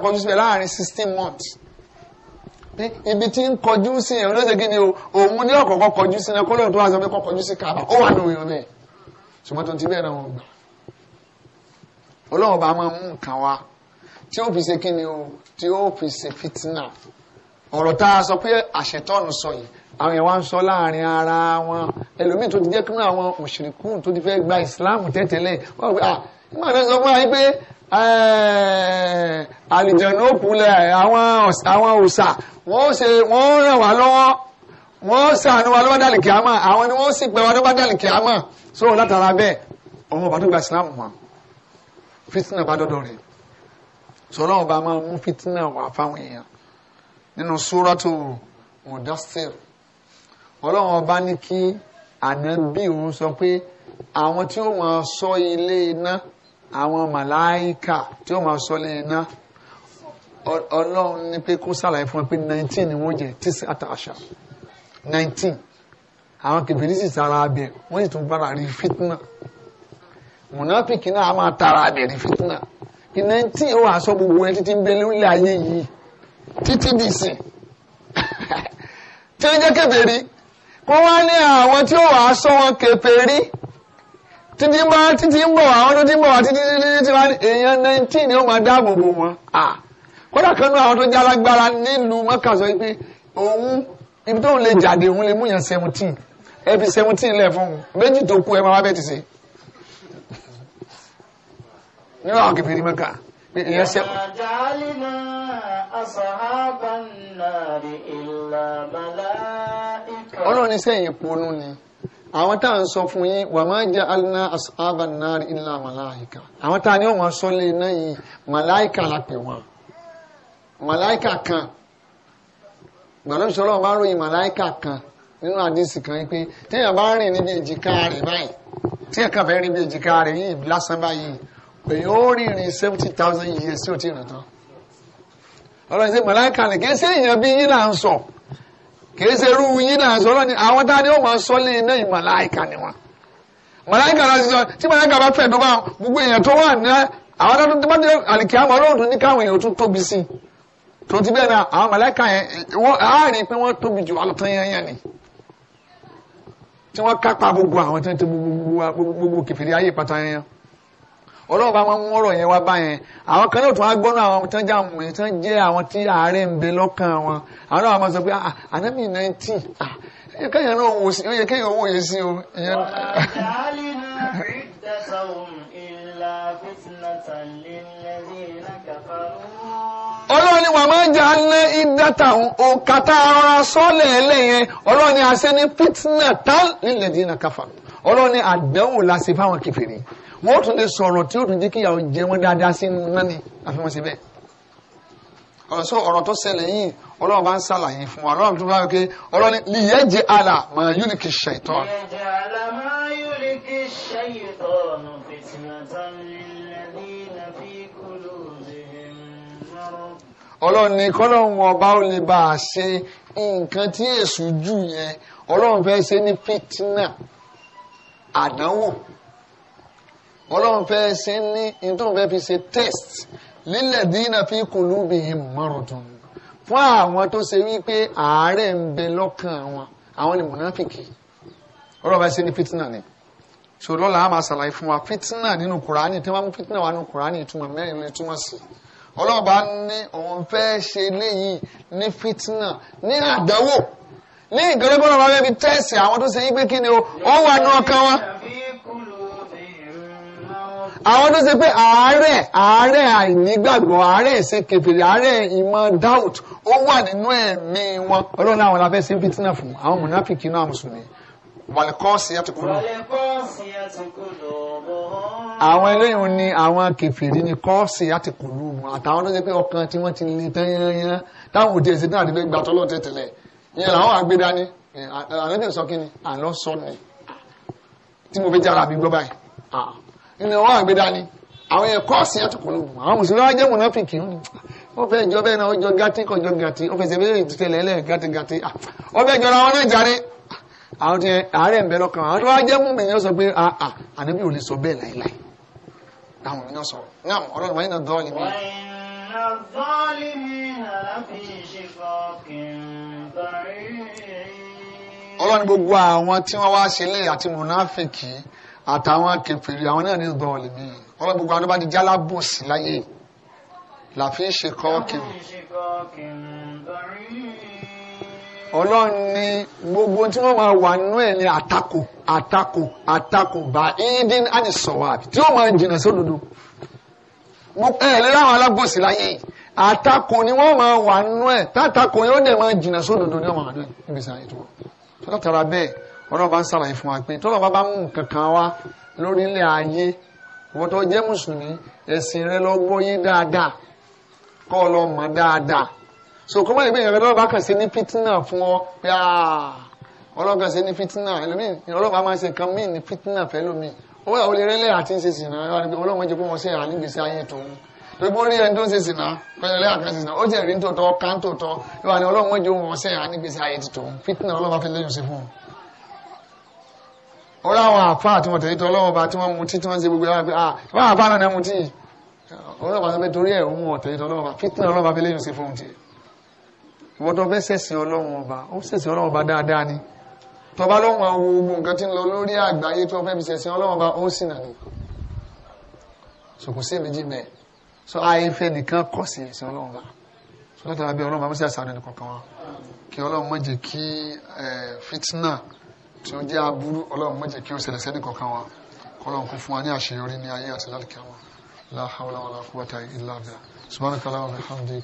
kọjú sí láàrin sixteen months ibi tí ń kọjú sí ẹ̀rọ ló ṣe kí ni o òun ní ọ̀kọ̀ọ̀kọ̀ kọjú sí náà kólóòtú wá sọ pé kọ́ kọjú sí Kaaba ó wà lóyún náà ṣùgbọ́n tó ti bẹ́ẹ̀ náà wọ́n gbà Ọlọ́run bá máa mú nǹkan wá tí ó fi ṣe kí ni o tí ó fi ṣe fìtínà ọ̀rọ̀ tá a sọ pé àṣetọ́nù sọ yìí àwọn èèyàn wá ń sọ láàrin ara wọn ẹlòmíì tó ti jẹ́ kí àwọn mùṣìríkù tó ti fẹ́ gba ìsìláàmù tẹ́tẹ́lẹ̀ wọ́n rò ah nígbà tó sọ fún wa yìí pé àlìjọ̀nù òkúlẹ̀ àwọn òòṣà wọ́n ṣe wọ́n ràn wá lọ́wọ́ wọ́n ṣàánú wa ló bá dàlì kíámà àwọn ni wọ́n sì pẹ́ wa ló bá dàlì kíámà so látara bẹ́ẹ̀ ọmọ ọba tó gba ìsìlámù wọn fitina bá dọ́dọ̀ rẹ̀ sọlá ọba máa mú fitina wà fáwọn èèyàn nínú sóràtò mọ̀dásítẹ̀l ọlọ́run ọba ní kí ànábì òun sọ pé àwọn tí ó máa sọ ilé iná àwọn màláìkà tí ó máa sọ ilé iná ọlọ́run ní pé kó sàlàyé fún wa pé nineteen ni wọ́n jẹ àtàṣà nineteen àwọn kẹfìrí sì sara abẹ wọ́n sì tún bára rí fitna náà a máa tara abẹ rí fitna kí nineteen ó wà sọ gbogbo ẹ títí ń bẹ ayé títí tí ó jẹ́ kẹfìrí wá ní àwọn tí ó wà sọ wọn kẹfìrí títí ń bọ̀ àwọn kódà kan náà àwọn tó jẹ́ alágbára nílùú mọ́kà sọ pé òun ibi tóun lè jáde òun lè mú yàn seventeen ẹ fi seventeen lẹ̀ fún un méjì tó kú ẹ máa wá bẹ́ẹ̀ ti ṣe nínú àwọn kẹfìrí mẹ́ka ìyẹn ṣe. àjálìnà àṣàhábà ponú ni àwọn tá à ń sọ fún yín wà máa jẹ alina àṣàhábà nàrí ìlà màláìkà àwọn tá a ní wọn sọ lé e náà yìí màláìkà la pè wọn malaika kan gbàdúrà sọ̀rọ̀ wá ròyìn malaika kan nínú àdísì kan pé téèyàn bá rìn níbi èjìká rẹ̀ báyìí téèyàn ẹ̀ka fẹ́ rìn níbi èjìká rẹ̀ yìí lásán báyìí èyàn ó rìnrìn seventy thousand yìí tí ò tí tán ọ̀rọ̀ ìṣe màláìkà rẹ̀ kìí ṣe èèyàn bí yín là ń sọ kìí ṣe irú yín là ń sọ àwọn tá a ní ó máa sọ lé iná ni wọn náà ti sọ tí bá gbogbo èèyàn tó wà ní àwọn tó bá dé i tó ti bẹ́ẹ̀ náà àwọn màláíkà yẹn wọ́n àárín pé wọ́n tóbi jù alọ́ tán yẹn ni tí wọ́n kápá gbogbo àwọn tó ń tẹ gbogbo kẹfìrí ayé pátá yẹn ọlọ́run bá wọn mú ọ̀rọ̀ yẹn wá bá yẹn àwọn kan náà tó wá gbọ́nà àwọn tó ń jẹ́ àwọn èèyàn tó ń jẹ́ àwọn tí àárẹ̀ ń bẹ lọ́kàn wọn àwọn náà wọ́n máa sọ pé ah, ah, ànábì ah, náìtì kéèyàn o. ọlọ́run ni wà máa jà ńlẹ́ ìdátà òkàtà ara sọ́lẹ̀ ẹlẹ́yẹn ọlọ́run ni àṣẹ ní fitna tal nílẹ̀ dínà káfà ọlọ́run ni àdánwò la ṣe fáwọn kèfèrí wọ́n tún lè sọ̀rọ̀ tí ó tún jẹ́ kí ìyàwó jẹ wọ́n dáadáa sí náà ni àfi wọ́n ṣe bẹ́ẹ̀ ọ̀sọ́ ọ̀rọ̀ tó ṣẹlẹ̀ yìí ọlọ́run bá ń ṣàlàyé fún wa ọlọ́run tó bá wípé ọlọ́run ni lìyẹ́ jẹ́ àlà mà yúlìkì ṣàìtọ́. lìyẹ́ jẹ́ àlà mà yúlìkì ṣàìtọ́ nù fìtìnà tán ní ọlọ́run ní kọ́lọ́run ọba ó lè bá a ṣe nǹkan tí èṣù jù yẹn ọlọ́run fẹ́ ṣe ní fitna àdánwò ọlọ́run fẹ́ ṣe ní nítorí fẹ́ fi ṣe test lílẹ̀ dínà fi kulubihim maradun fún àwọn tó ṣe wípé àárẹ̀ ń bẹ lọ́kàn wọn àwọn ni mọ̀nàfìkì ọlọ́run fẹ́ ṣe ní fitna ni so lọ́la á máa ṣàlàyé fún wa fitna nínú kùránì tí wọ́n mú fitna wà nínú kùránì ìtumọ̀ mẹ́rin lè túmọ̀ sí i ọlọ́run bá ní òun fẹ́ ṣe léyìí ní fitna ní àdánwò ní ìgbẹ́lẹ́gbọ́n ọ̀rọ̀ ẹbí tẹ́sì àwọn tó ṣe yí pé kí ni o ó wà ní ọkàn wọn. àwọn tó ṣe pé àárẹ̀ àárẹ̀ àìnígbàgbọ́ àárẹ̀ ṣe kẹfìrì àárẹ̀ ìmọ̀ doubt ó wà nínú ẹ̀mí wọn ọlọ́run àwọn la fẹ́ ṣe fitna fún àwọn mùnáfíkì náà mùsùlùmí wàlẹ́kọ́ọ̀sìyàtì kùnú. àwọn eléyìí ni àwọn kẹfìrí ni kọ́ọ̀sìyàtì kùnú àtàwọn tó ṣe pé ọkàn tí wọ́n ti lè tán yányán táwọn òde ìṣẹ́jú àti fẹ́ gbàtọ́ lọ́ọ́ tẹ̀tẹ̀lẹ̀ ìyẹn làwọn àgbéra ni àlẹ́ sọ kí ni àlọ́ sọ ni tí mo fi jára mi gbọ́ báyìí ìyẹn wọn àgbéra ni àwọn yẹn kọ́ọ̀sìyàtì kùnú àwọn mùsùlùmí wọn jẹ́ mùnáfíkì ó fẹ́ jọ bẹ́ẹ̀ náà ó jọ gàtí kọjọ gàtí ó fẹ́ sẹ́mi ìtìtẹ̀lẹ̀ ẹlẹ́gàtí gàtí ó fẹ́ jọra wọn náà jáde àwọn tí àárẹ̀ ń bẹ lọ́kàn àwọn tó wá jẹ́ mú mi ni wọ́n sọ pé àà ah, ah, ànábì ò lè sọ bẹ́ẹ̀ láìláì láwọn mi sọ náà ọ̀rọ̀ ìwà yìí náà dọ́ọ̀lì mi. ọlọ́run gbogbo àwọn tí wọ́n wá ṣe àti mùnáfìkì àtàwọn kèfèrí àwọn náà ní dọ́ọ̀lì mi ọlọ́run gbogbo àwọn tó bá di jálábòsí láyé làfi ń ṣe kọ́ọ̀kì. ọlọ́run gbogbo tí wọ́n máa wà nínú ẹ̀ ní àtakò àtakò àtakò bá ìdín ànisọ̀wàbí tí wọ́n máa jìnnà sódodo ẹ̀ lẹ́la láwọn alábòsí láyé àtakò ni wọ́n máa wà nínú ẹ̀ tátakò yóò dẹ̀ máa jìnnà sódodo ní ọmọ àdúrà níbi sàn ètò tó bẹ́ẹ̀ ọlọ́run bá ń sàlàyé fún wa pé bá mú nǹkan kan wá lórílẹ̀ ayé wọ́n tó jẹ́ mùsùlùmí so kọ́mọ́ ìgbé ìyàgbẹ́ lọ́wọ́ bá kàn sí ní fìtínà fún ọ pé ah, ọlọ́run kàn sí ní fìtínà ẹlòmíì ọlọ́run bá máa ṣe nǹkan míì ní fìtínà fẹ́ lómìn owó àwọn olè rẹ́lẹ̀ àti ń ṣe sìnà ọlọ́run jẹ́ pé wọ́n ṣe àní gbèsè ayé tòun torí bó rí ẹni tó ń ṣe sìnà pẹ̀lẹ́lẹ́ àkàn sìnà ó jẹ́ rí tòótọ́ kán tòótọ́ ìwà ni ọlọ́run jẹ́ wọ́n ṣe àní gbèsè ayé tòun fìtínà ọlọ́run bá fi lẹ́yìn sí fún un ọ̀rọ̀ àwọn àfá àti wọ́n tẹ̀lítọ́ ọlọ́wọ́ bá tí wọ́n mú tí tí wọ́n ṣe gbogbo ẹ̀rọ pé ah wọ́n àfá náà ní mú tí ọlọ́wọ́ bá sọ pé torí ẹ̀ òun ọ̀tẹ̀lítọ́ ọlọ́wọ́ bá fitna ọlọ́wọ́ bá fi léyìn sí fún un tiẹ̀ ìwọ tó fẹ́ ṣẹ̀sìn ọlọ́run ọba ó ṣẹ̀sìn ọlọ́run ọba dáadáa ni tọba lọ́wọ́ àwọn ogun nǹkan tí ń lọ lórí àgbáyé tó fẹ́ fi ṣẹ̀sìn ọlọ́run ọba ó sì nàní so èméjì mẹ́ẹ̀ so àìfẹ́ nìkan kọ̀ sí ẹ̀sìn ọlọ́run ọba so látara bí ọlọ́run bá mọ́sí àṣà nínú kankan wọn kí ọlọ́run má jẹ́ kí fitna tí ó jẹ́ aburú ọlọ́run má jẹ́ kí ó ṣẹlẹ̀ sẹ́ni kankan wọn wa ní